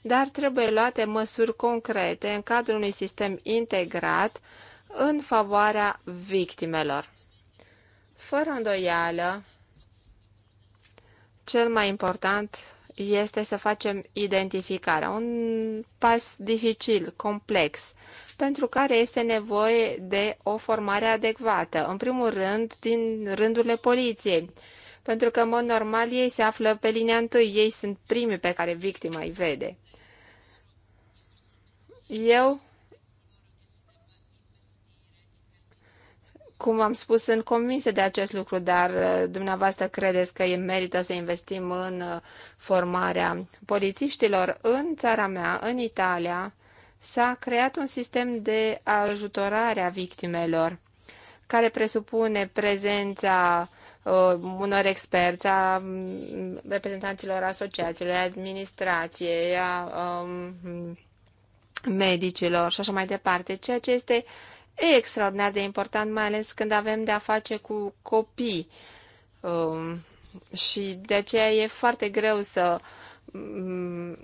Dar trebuie luate măsuri concrete în cadrul unui sistem integrat în favoarea victimelor. Fără îndoială, cel mai important este să facem identificarea, un pas dificil, complex, pentru care este nevoie de o formare adecvată, în primul rând din rândurile poliției, pentru că, în mod normal, ei se află pe linia întâi, ei sunt primii pe care victima îi vede. Eu, cum am spus, sunt convinsă de acest lucru, dar uh, dumneavoastră credeți că e merită să investim în uh, formarea polițiștilor în țara mea, în Italia, s-a creat un sistem de ajutorare a victimelor, care presupune prezența uh, unor experți, a mm, reprezentanților asociațiilor, administrației, a um, medicilor și așa mai departe, ceea ce este extraordinar de important, mai ales când avem de-a face cu copii. Um, și de aceea e foarte greu să mm,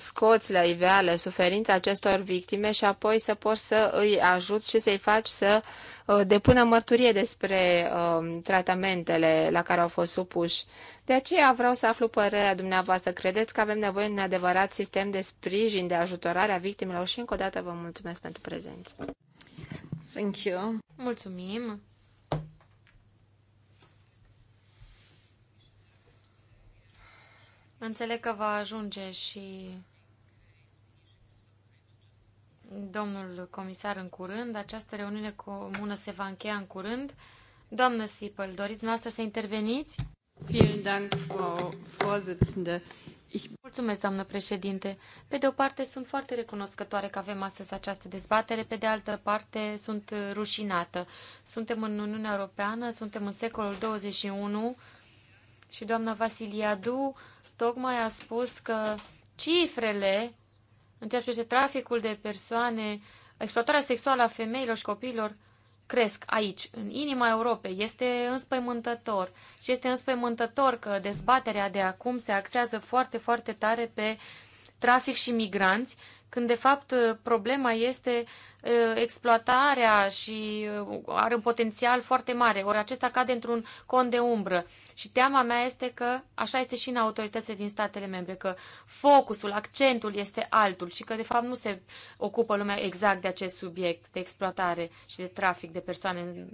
scoți la iveală suferința acestor victime și apoi să poți să îi ajuți și să-i faci să uh, depună mărturie despre um, tratamentele la care au fost supuși. De aceea vreau să aflu părerea dumneavoastră. Credeți că avem nevoie de un adevărat sistem de sprijin, de ajutorare a victimelor? Și încă o dată vă mulțumesc pentru prezență. Thank you. Mulțumim. Înțeleg că va ajunge și domnul comisar în curând. Această reuniune comună se va încheia în curând. Doamnă Sipăl, doriți noastră să interveniți? Mulțumesc, doamnă președinte. Pe de o parte, sunt foarte recunoscătoare că avem astăzi această dezbatere, pe de altă parte, sunt rușinată. Suntem în Uniunea Europeană, suntem în secolul 21 și doamna Vasiliadu tocmai a spus că cifrele în ceea ce privește traficul de persoane, exploatarea sexuală a femeilor și copiilor, cresc aici, în inima Europei. Este înspăimântător și este înspăimântător că dezbaterea de acum se axează foarte, foarte tare pe trafic și migranți când de fapt problema este exploatarea și are un potențial foarte mare. Ori acesta cade într-un con de umbră. Și teama mea este că așa este și în autoritățile din statele membre, că focusul, accentul este altul și că de fapt nu se ocupă lumea exact de acest subiect de exploatare și de trafic de persoane.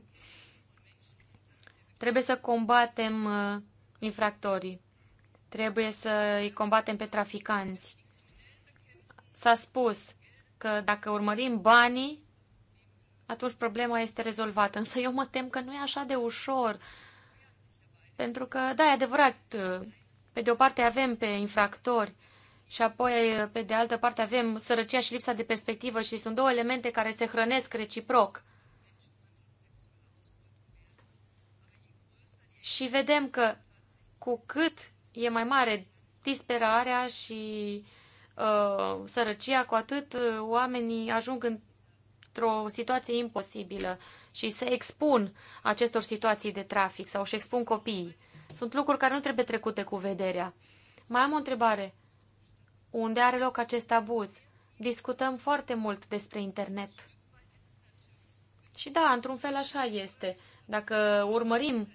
Trebuie să combatem infractorii. Trebuie să îi combatem pe traficanți s-a spus că dacă urmărim banii, atunci problema este rezolvată. Însă eu mă tem că nu e așa de ușor. Pentru că, da, e adevărat, pe de o parte avem pe infractori și apoi, pe de altă parte, avem sărăcia și lipsa de perspectivă și sunt două elemente care se hrănesc reciproc. Și vedem că cu cât e mai mare disperarea și uh, Uh, sărăcia, cu atât uh, oamenii ajung într-o situație imposibilă și se expun acestor situații de trafic sau își expun copiii. Sunt lucruri care nu trebuie trecute cu vederea. Mai am o întrebare. Unde are loc acest abuz? Discutăm foarte mult despre internet. Și da, într-un fel așa este. Dacă urmărim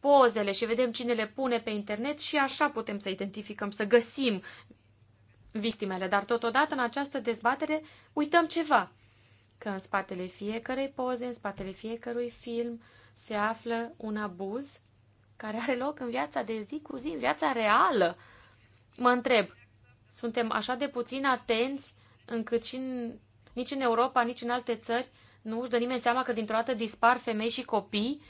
pozele și vedem cine le pune pe internet și așa putem să identificăm, să găsim victimele, dar totodată în această dezbatere uităm ceva, că în spatele fiecărei poze, în spatele fiecărui film, se află un abuz care are loc în viața de zi cu zi, în viața reală. Mă întreb, suntem așa de puțin atenți încât și în, nici în Europa, nici în alte țări nu își dă nimeni seama că dintr-o dată dispar femei și copii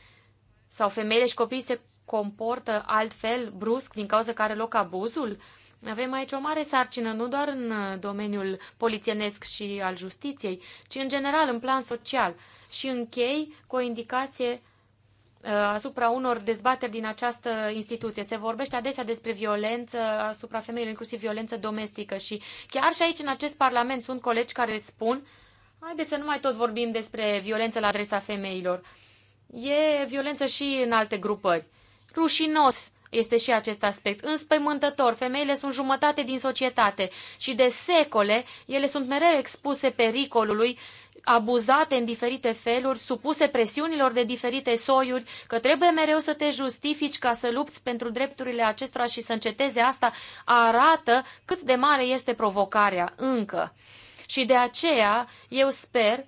sau femeile și copiii se comportă altfel, brusc, din cauza care loc abuzul? Uh, avem aici o mare sarcină, nu doar în uh, domeniul polițienesc și al justiției, ci în general, în plan social. Și închei cu o indicație uh, asupra unor dezbateri din această instituție. Se vorbește adesea despre violență asupra femeilor, inclusiv violență domestică și chiar și aici în acest parlament sunt colegi care spun haideți să nu mai tot vorbim despre violență la adresa femeilor. E violență și în alte grupări. Rușinos este și acest aspect. Înspăimântător, femeile sunt jumătate din societate și de secole ele sunt mereu expuse pericolului, abuzate în diferite feluri, supuse presiunilor de diferite soiuri, că trebuie mereu să te justifici ca să lupți pentru drepturile acestora și să înceteze asta, arată cât de mare este provocarea încă. Și de aceea eu sper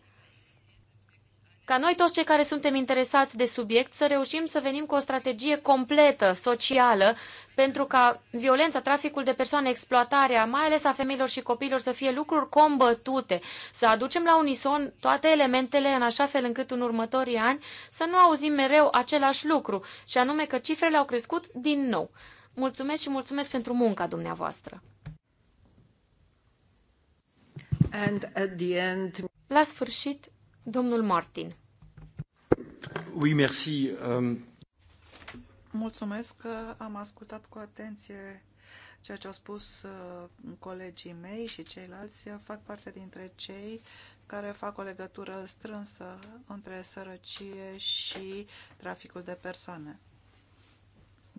ca noi toți cei care suntem interesați de subiect să reușim să venim cu o strategie completă, socială, pentru ca violența, traficul de persoane, exploatarea, mai ales a femeilor și copiilor, să fie lucruri combătute, să aducem la unison toate elementele în așa fel încât în următorii ani să nu auzim mereu același lucru, și anume că cifrele au crescut din nou. Mulțumesc și mulțumesc pentru munca dumneavoastră. And at the end... La sfârșit, Domnul Martin. Oui, merci. Um, Mulțumesc că am ascultat cu atenție ceea ce au spus uh, colegii mei și ceilalți. Fac parte dintre cei care fac o legătură strânsă între sărăcie și traficul de persoane.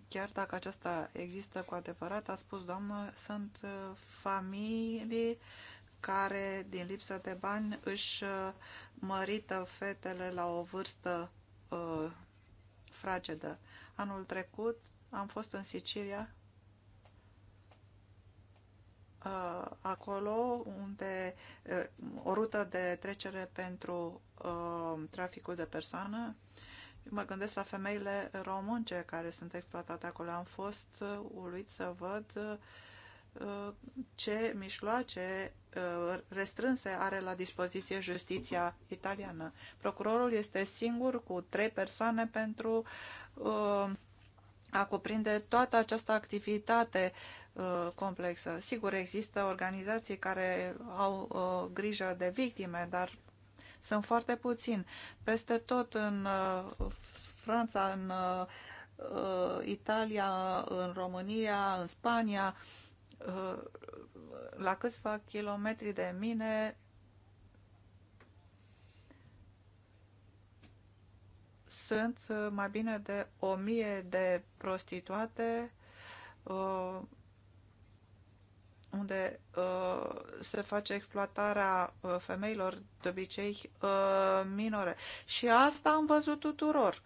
Chiar dacă aceasta există cu adevărat, a spus doamnă, sunt uh, familii care, din lipsă de bani, își uh, mărită fetele la o vârstă uh, fragedă. Anul trecut am fost în Sicilia, uh, acolo unde uh, o rută de trecere pentru uh, traficul de persoană. Mă gândesc la femeile românce care sunt exploatate acolo. Am fost uh, uluit să văd uh, ce mijloace uh, restrânse are la dispoziție justiția italiană. Procurorul este singur cu trei persoane pentru uh, a cuprinde toată această activitate uh, complexă. Sigur, există organizații care au grijă de victime, dar sunt foarte puțini. Peste tot în Franța, în Italia, în România, în Spania, Uh, la câțiva kilometri de mine sunt uh, mai bine de o mie de prostituate uh, unde se face exploatarea femeilor de obicei minore. Și asta am văzut tuturor.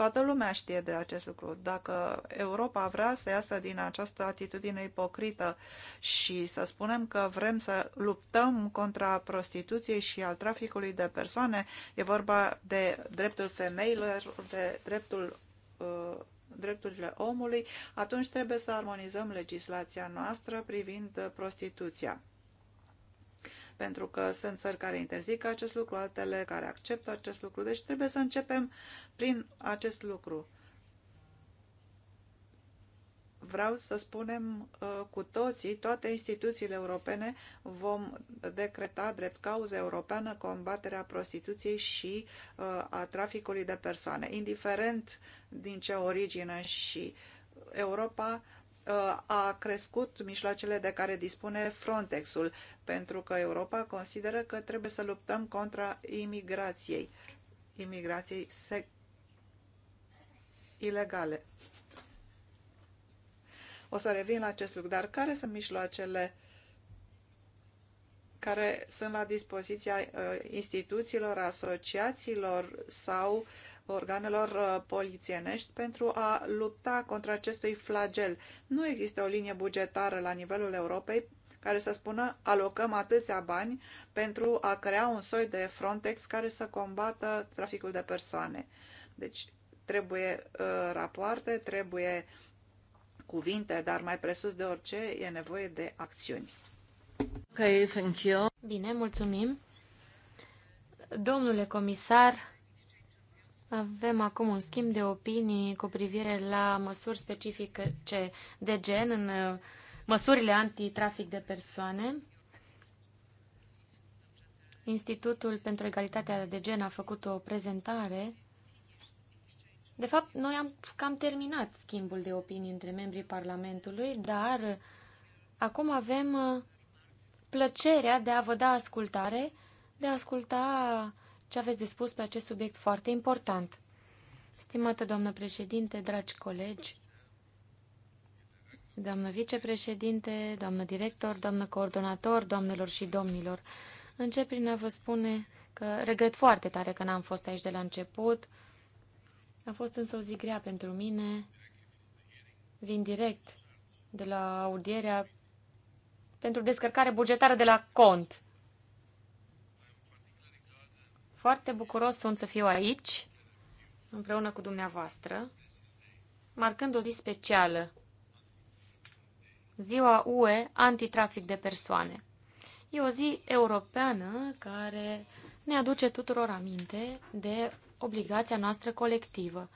Toată lumea știe de acest lucru. Dacă Europa vrea să iasă din această atitudine ipocrită și să spunem că vrem să luptăm contra prostituției și al traficului de persoane, e vorba de dreptul femeilor, de dreptul uh, drepturile omului, atunci trebuie să armonizăm legislația noastră privind prostituția pentru că sunt țări care interzic acest lucru, altele care acceptă acest lucru. Deci trebuie să începem prin acest lucru. Vreau să spunem uh, cu toții, toate instituțiile europene vom decreta drept cauză europeană combaterea prostituției și uh, a traficului de persoane, indiferent din ce origine și Europa Uh, a crescut mijloacele de care dispune Frontexul, pentru că Europa consideră că trebuie să luptăm contra imigrației, imigrației ilegale. O să revin la acest lucru, dar care sunt mijloacele care sunt la dispoziția uh, instituțiilor, asociațiilor sau uh, organelor uh, polițienești pentru a lupta contra acestui flagel. Nu există o linie bugetară la nivelul Europei care să spună alocăm atâția bani pentru a crea un soi de Frontex care să combată traficul de persoane. Deci trebuie uh, rapoarte, trebuie cuvinte, dar mai presus de orice e nevoie de acțiuni. Ok, thank you. Bine, mulțumim. Domnule comisar, avem acum un schimb de opinii cu privire la măsuri specifice de gen în uh, măsurile antitrafic de persoane. Institutul pentru Egalitatea de Gen a făcut o prezentare. De fapt, noi am cam terminat schimbul de opinii între membrii Parlamentului, dar uh, acum avem uh, plăcerea de a vă da ascultare, de a asculta ce aveți de spus pe acest subiect foarte important. Stimată doamnă președinte, dragi colegi, doamnă vicepreședinte, doamnă director, doamnă coordonator, doamnelor și domnilor, încep prin a vă spune că regret foarte tare că n-am fost aici de la început. A fost însă o zi grea pentru mine. Vin direct de la audierea pentru descărcare bugetară de la cont. Foarte bucuros sunt să fiu aici, împreună cu dumneavoastră, marcând o zi specială, ziua UE antitrafic de persoane. E o zi europeană care ne aduce tuturor aminte de obligația noastră colectivă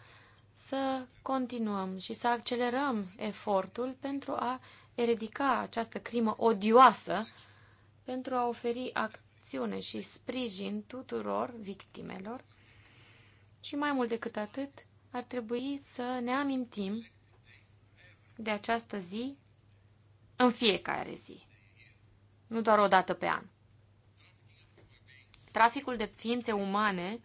să continuăm și să accelerăm efortul pentru a eredica această crimă odioasă, pentru a oferi act acțiune și sprijin tuturor victimelor. Și mai mult decât atât, ar trebui să ne amintim de această zi în fiecare zi, nu doar o dată pe an. Traficul de ființe umane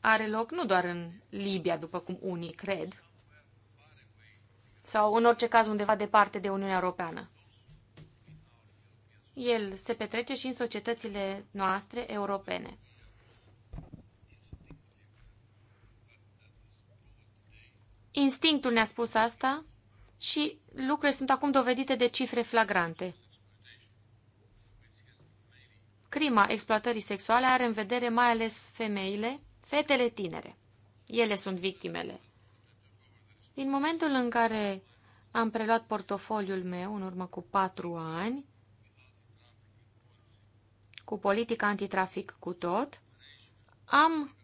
are loc nu doar în Libia, după cum unii cred, sau în orice caz undeva departe de Uniunea Europeană. El se petrece și în societățile noastre europene. Instinctul ne-a spus asta și lucrurile sunt acum dovedite de cifre flagrante. Crima exploatării sexuale are în vedere mai ales femeile, fetele tinere. Ele sunt victimele. Din momentul în care am preluat portofoliul meu în urmă cu patru ani, cu politica antitrafic cu tot, am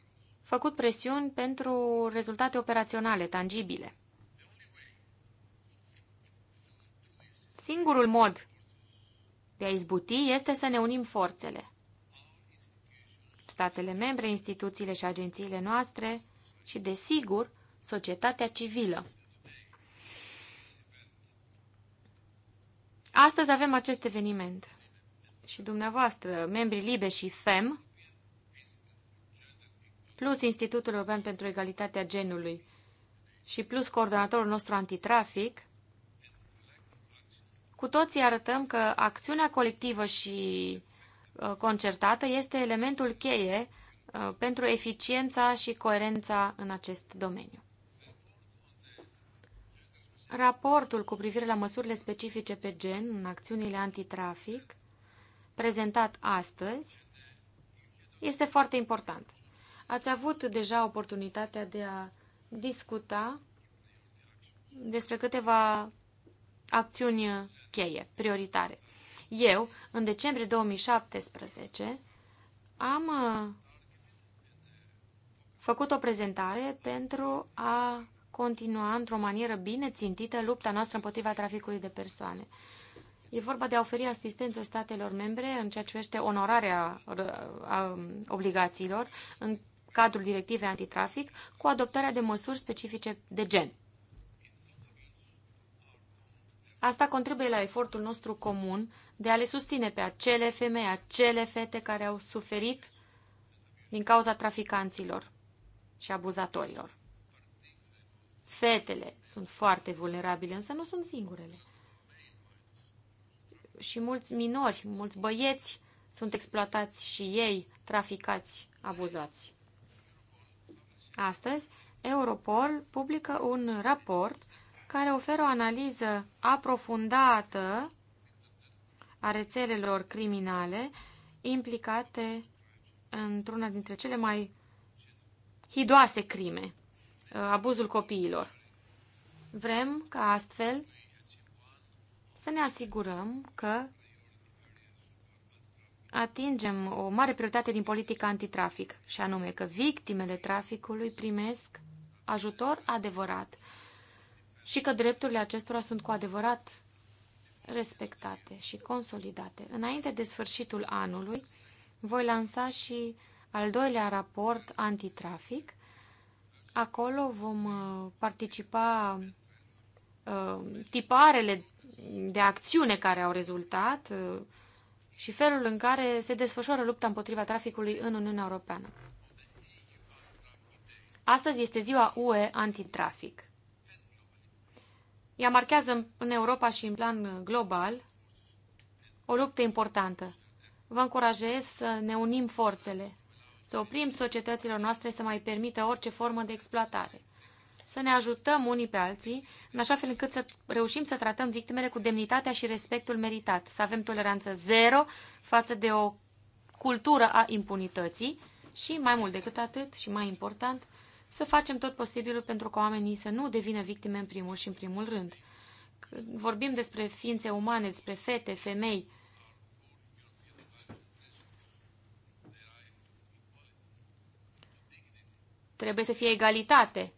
făcut presiuni pentru rezultate operaționale, tangibile. Singurul mod de a izbuti este să ne unim forțele. Statele membre, instituțiile și agențiile noastre și, desigur, societatea civilă. Astăzi avem acest eveniment și dumneavoastră, membrii LIBE și FEM, plus Institutul European pentru Egalitatea Genului și plus coordonatorul nostru antitrafic, cu toții arătăm că acțiunea colectivă și uh, concertată este elementul cheie uh, pentru eficiența și coerența în acest domeniu. Raportul cu privire la măsurile specifice pe gen în acțiunile antitrafic prezentat astăzi este foarte important. Ați avut deja oportunitatea de a discuta despre câteva acțiuni cheie, prioritare. Eu, în decembrie 2017, am uh, făcut o prezentare pentru a continua într-o manieră bine țintită lupta noastră împotriva traficului de persoane. E vorba de a oferi asistență statelor membre în ceea ce privește onorarea uh, obligațiilor în cadrul directivei antitrafic cu adoptarea de măsuri specifice de gen. Asta contribuie la efortul nostru comun de a le susține pe acele femei, acele fete care au suferit din cauza traficanților și abuzatorilor. Fetele sunt foarte vulnerabile, însă nu sunt singurele și mulți minori, mulți băieți sunt exploatați și ei, traficați, abuzați. Astăzi, Europol publică un raport care oferă o analiză aprofundată a rețelelor criminale implicate într-una dintre cele mai hidoase crime, uh, abuzul copiilor. Vrem ca astfel să ne asigurăm că atingem o mare prioritate din politica antitrafic, și anume că victimele traficului primesc ajutor adevărat și că drepturile acestora sunt cu adevărat respectate și consolidate. Înainte de sfârșitul anului, voi lansa și al doilea raport antitrafic. Acolo vom uh, participa uh, tiparele de acțiune care au rezultat uh, și felul în care se desfășoară lupta împotriva traficului în Uniunea Europeană. Astăzi este ziua UE antitrafic. Ea marchează în Europa și în plan global o luptă importantă. Vă încurajez să ne unim forțele, să oprim societăților noastre să mai permită orice formă de exploatare să ne ajutăm unii pe alții, în așa fel încât să reușim să tratăm victimele cu demnitatea și respectul meritat, să avem toleranță zero față de o cultură a impunității și, mai mult decât atât și mai important, să facem tot posibilul pentru ca oamenii să nu devină victime în primul și în primul rând. Când vorbim despre ființe umane, despre fete, femei, trebuie să fie egalitate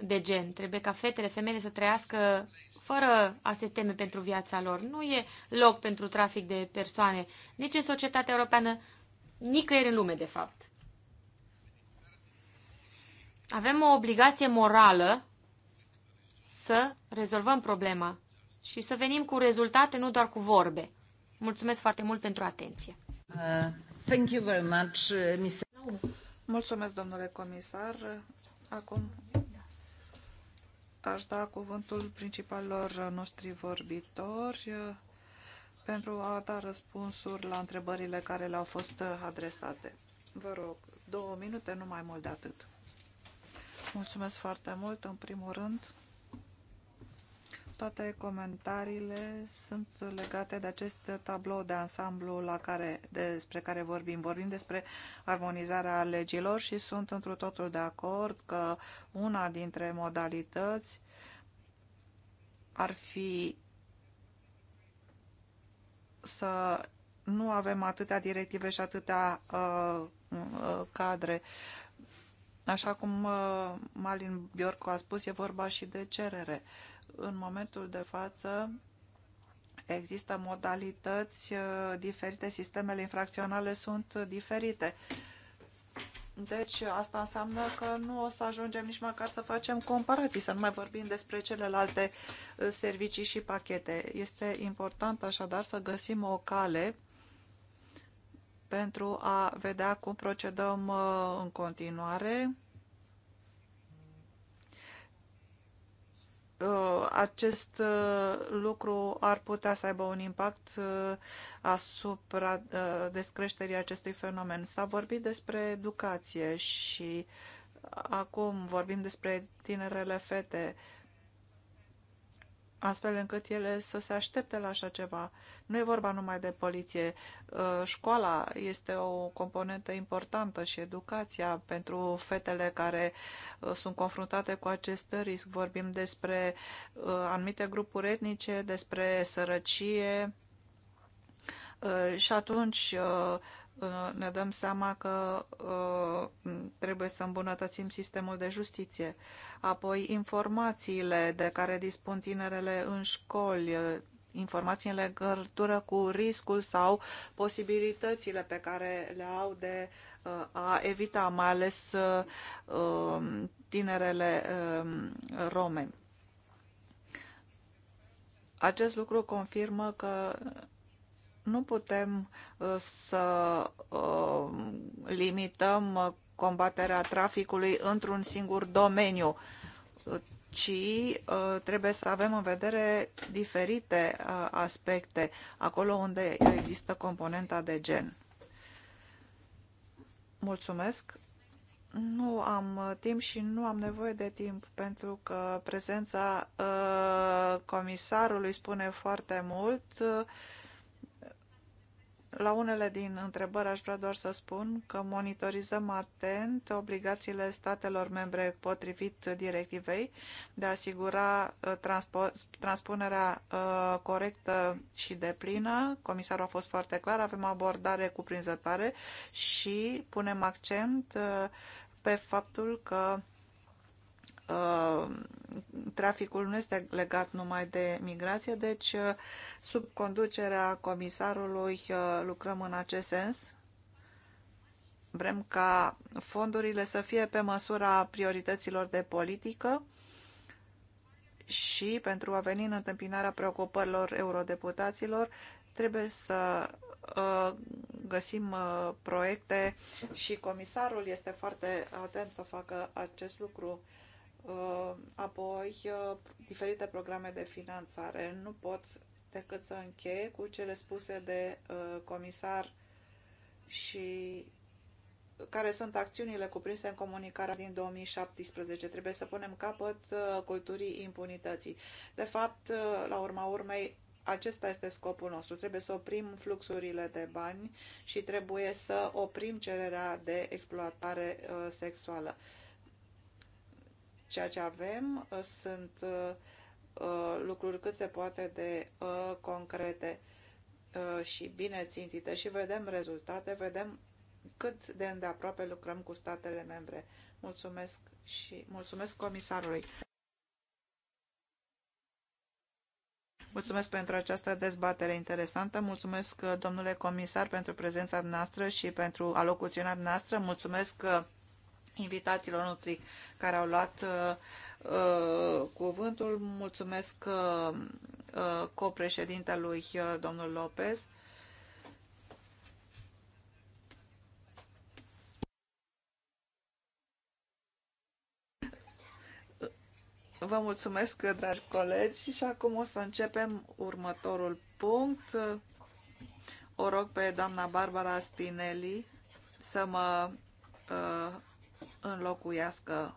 de gen. Trebuie ca fetele, femeile să trăiască fără a se teme pentru viața lor. Nu e loc pentru trafic de persoane, nici în societatea europeană, nicăieri în lume, de fapt. Avem o obligație morală să rezolvăm problema și să venim cu rezultate, nu doar cu vorbe. Mulțumesc foarte mult pentru atenție. Uh, thank you very much, uh, Mr. Mulțumesc, domnule comisar. Acum aș da cuvântul principalilor noștri vorbitori uh, pentru a da răspunsuri la întrebările care le-au fost uh, adresate. Vă rog, două minute, nu mai mult de atât. Mulțumesc foarte mult, în primul rând, toate comentariile sunt legate de acest tablou de ansamblu la care, despre care vorbim. Vorbim despre armonizarea legilor și sunt întru totul de acord că una dintre modalități ar fi să nu avem atâtea directive și atâtea uh, uh, cadre. Așa cum uh, Malin Biorco a spus, e vorba și de cerere. Uh, în momentul de față există modalități uh, diferite, sistemele infracționale sunt diferite. Deci asta înseamnă că nu o să ajungem nici măcar să facem comparații, să nu mai vorbim despre celelalte uh, servicii și pachete. Este important așadar să găsim o cale pentru a vedea cum procedăm uh, în continuare acest uh, lucru ar putea să aibă un impact uh, asupra uh, descreșterii acestui fenomen. S-a vorbit despre educație și acum vorbim despre tinerele fete astfel încât ele să se aștepte la așa ceva. Nu e vorba numai de poliție. Uh, școala este o componentă importantă și educația pentru fetele care uh, sunt confruntate cu acest risc. Vorbim despre uh, anumite grupuri etnice, despre sărăcie și atunci Ă, ne dăm seama că uh, trebuie să îmbunătățim sistemul de justiție. Apoi, informațiile de care dispun tinerele în școli, ă, informații în legătură cu riscul sau posibilitățile pe care le au de uh, a evita, mai ales uh, tinerele rome. Acest lucru confirmă că nu putem uh, să uh, limităm uh, combaterea traficului într-un singur domeniu, ci trebuie să avem în vedere diferite aspecte acolo unde există componenta de gen. Mulțumesc! Nu am timp și nu am nevoie de timp pentru că prezența comisarului spune foarte mult la unele din întrebări aș vrea doar să spun că monitorizăm atent obligațiile statelor membre potrivit directivei de a asigura uh, transpunerea uh, corectă și deplină. Comisarul a fost foarte clar, avem abordare cuprinzătoare și punem accent uh, pe faptul că Uh, traficul nu este legat numai de migrație, deci uh, sub conducerea comisarului uh, lucrăm în acest sens. Vrem ca fondurile să fie pe măsura priorităților de politică și pentru a veni în întâmpinarea preocupărilor eurodeputaților trebuie să găsim proiecte și comisarul este foarte atent să facă acest lucru Uh, apoi uh, diferite programe de finanțare. Nu pot decât să încheie cu cele spuse de uh, comisar și care sunt acțiunile cuprinse în comunicarea din 2017. Trebuie să punem capăt culturii impunității. De fapt, la urma urmei, acesta este scopul nostru. Trebuie să oprim fluxurile de bani și trebuie să oprim cererea de exploatare sexuală. Ceea ce avem uh, sunt uh, uh, lucruri cât se poate de concrete și bine țintite și vedem rezultate, vedem cât de îndeaproape lucrăm cu statele membre. Mulțumesc și mulțumesc comisarului. Mulțumesc pentru această dezbatere interesantă. Mulțumesc, domnule comisar, pentru prezența noastră și pentru alocuțiunea noastră. Mulțumesc invitațiilor noștri care au luat uh, uh, cuvântul. Mulțumesc uh, uh, copreședintelui uh, domnul Lopez. Vă mulțumesc, dragi colegi, și acum o să începem următorul punct. O rog pe doamna Barbara Spinelli să mă uh, înlocuiască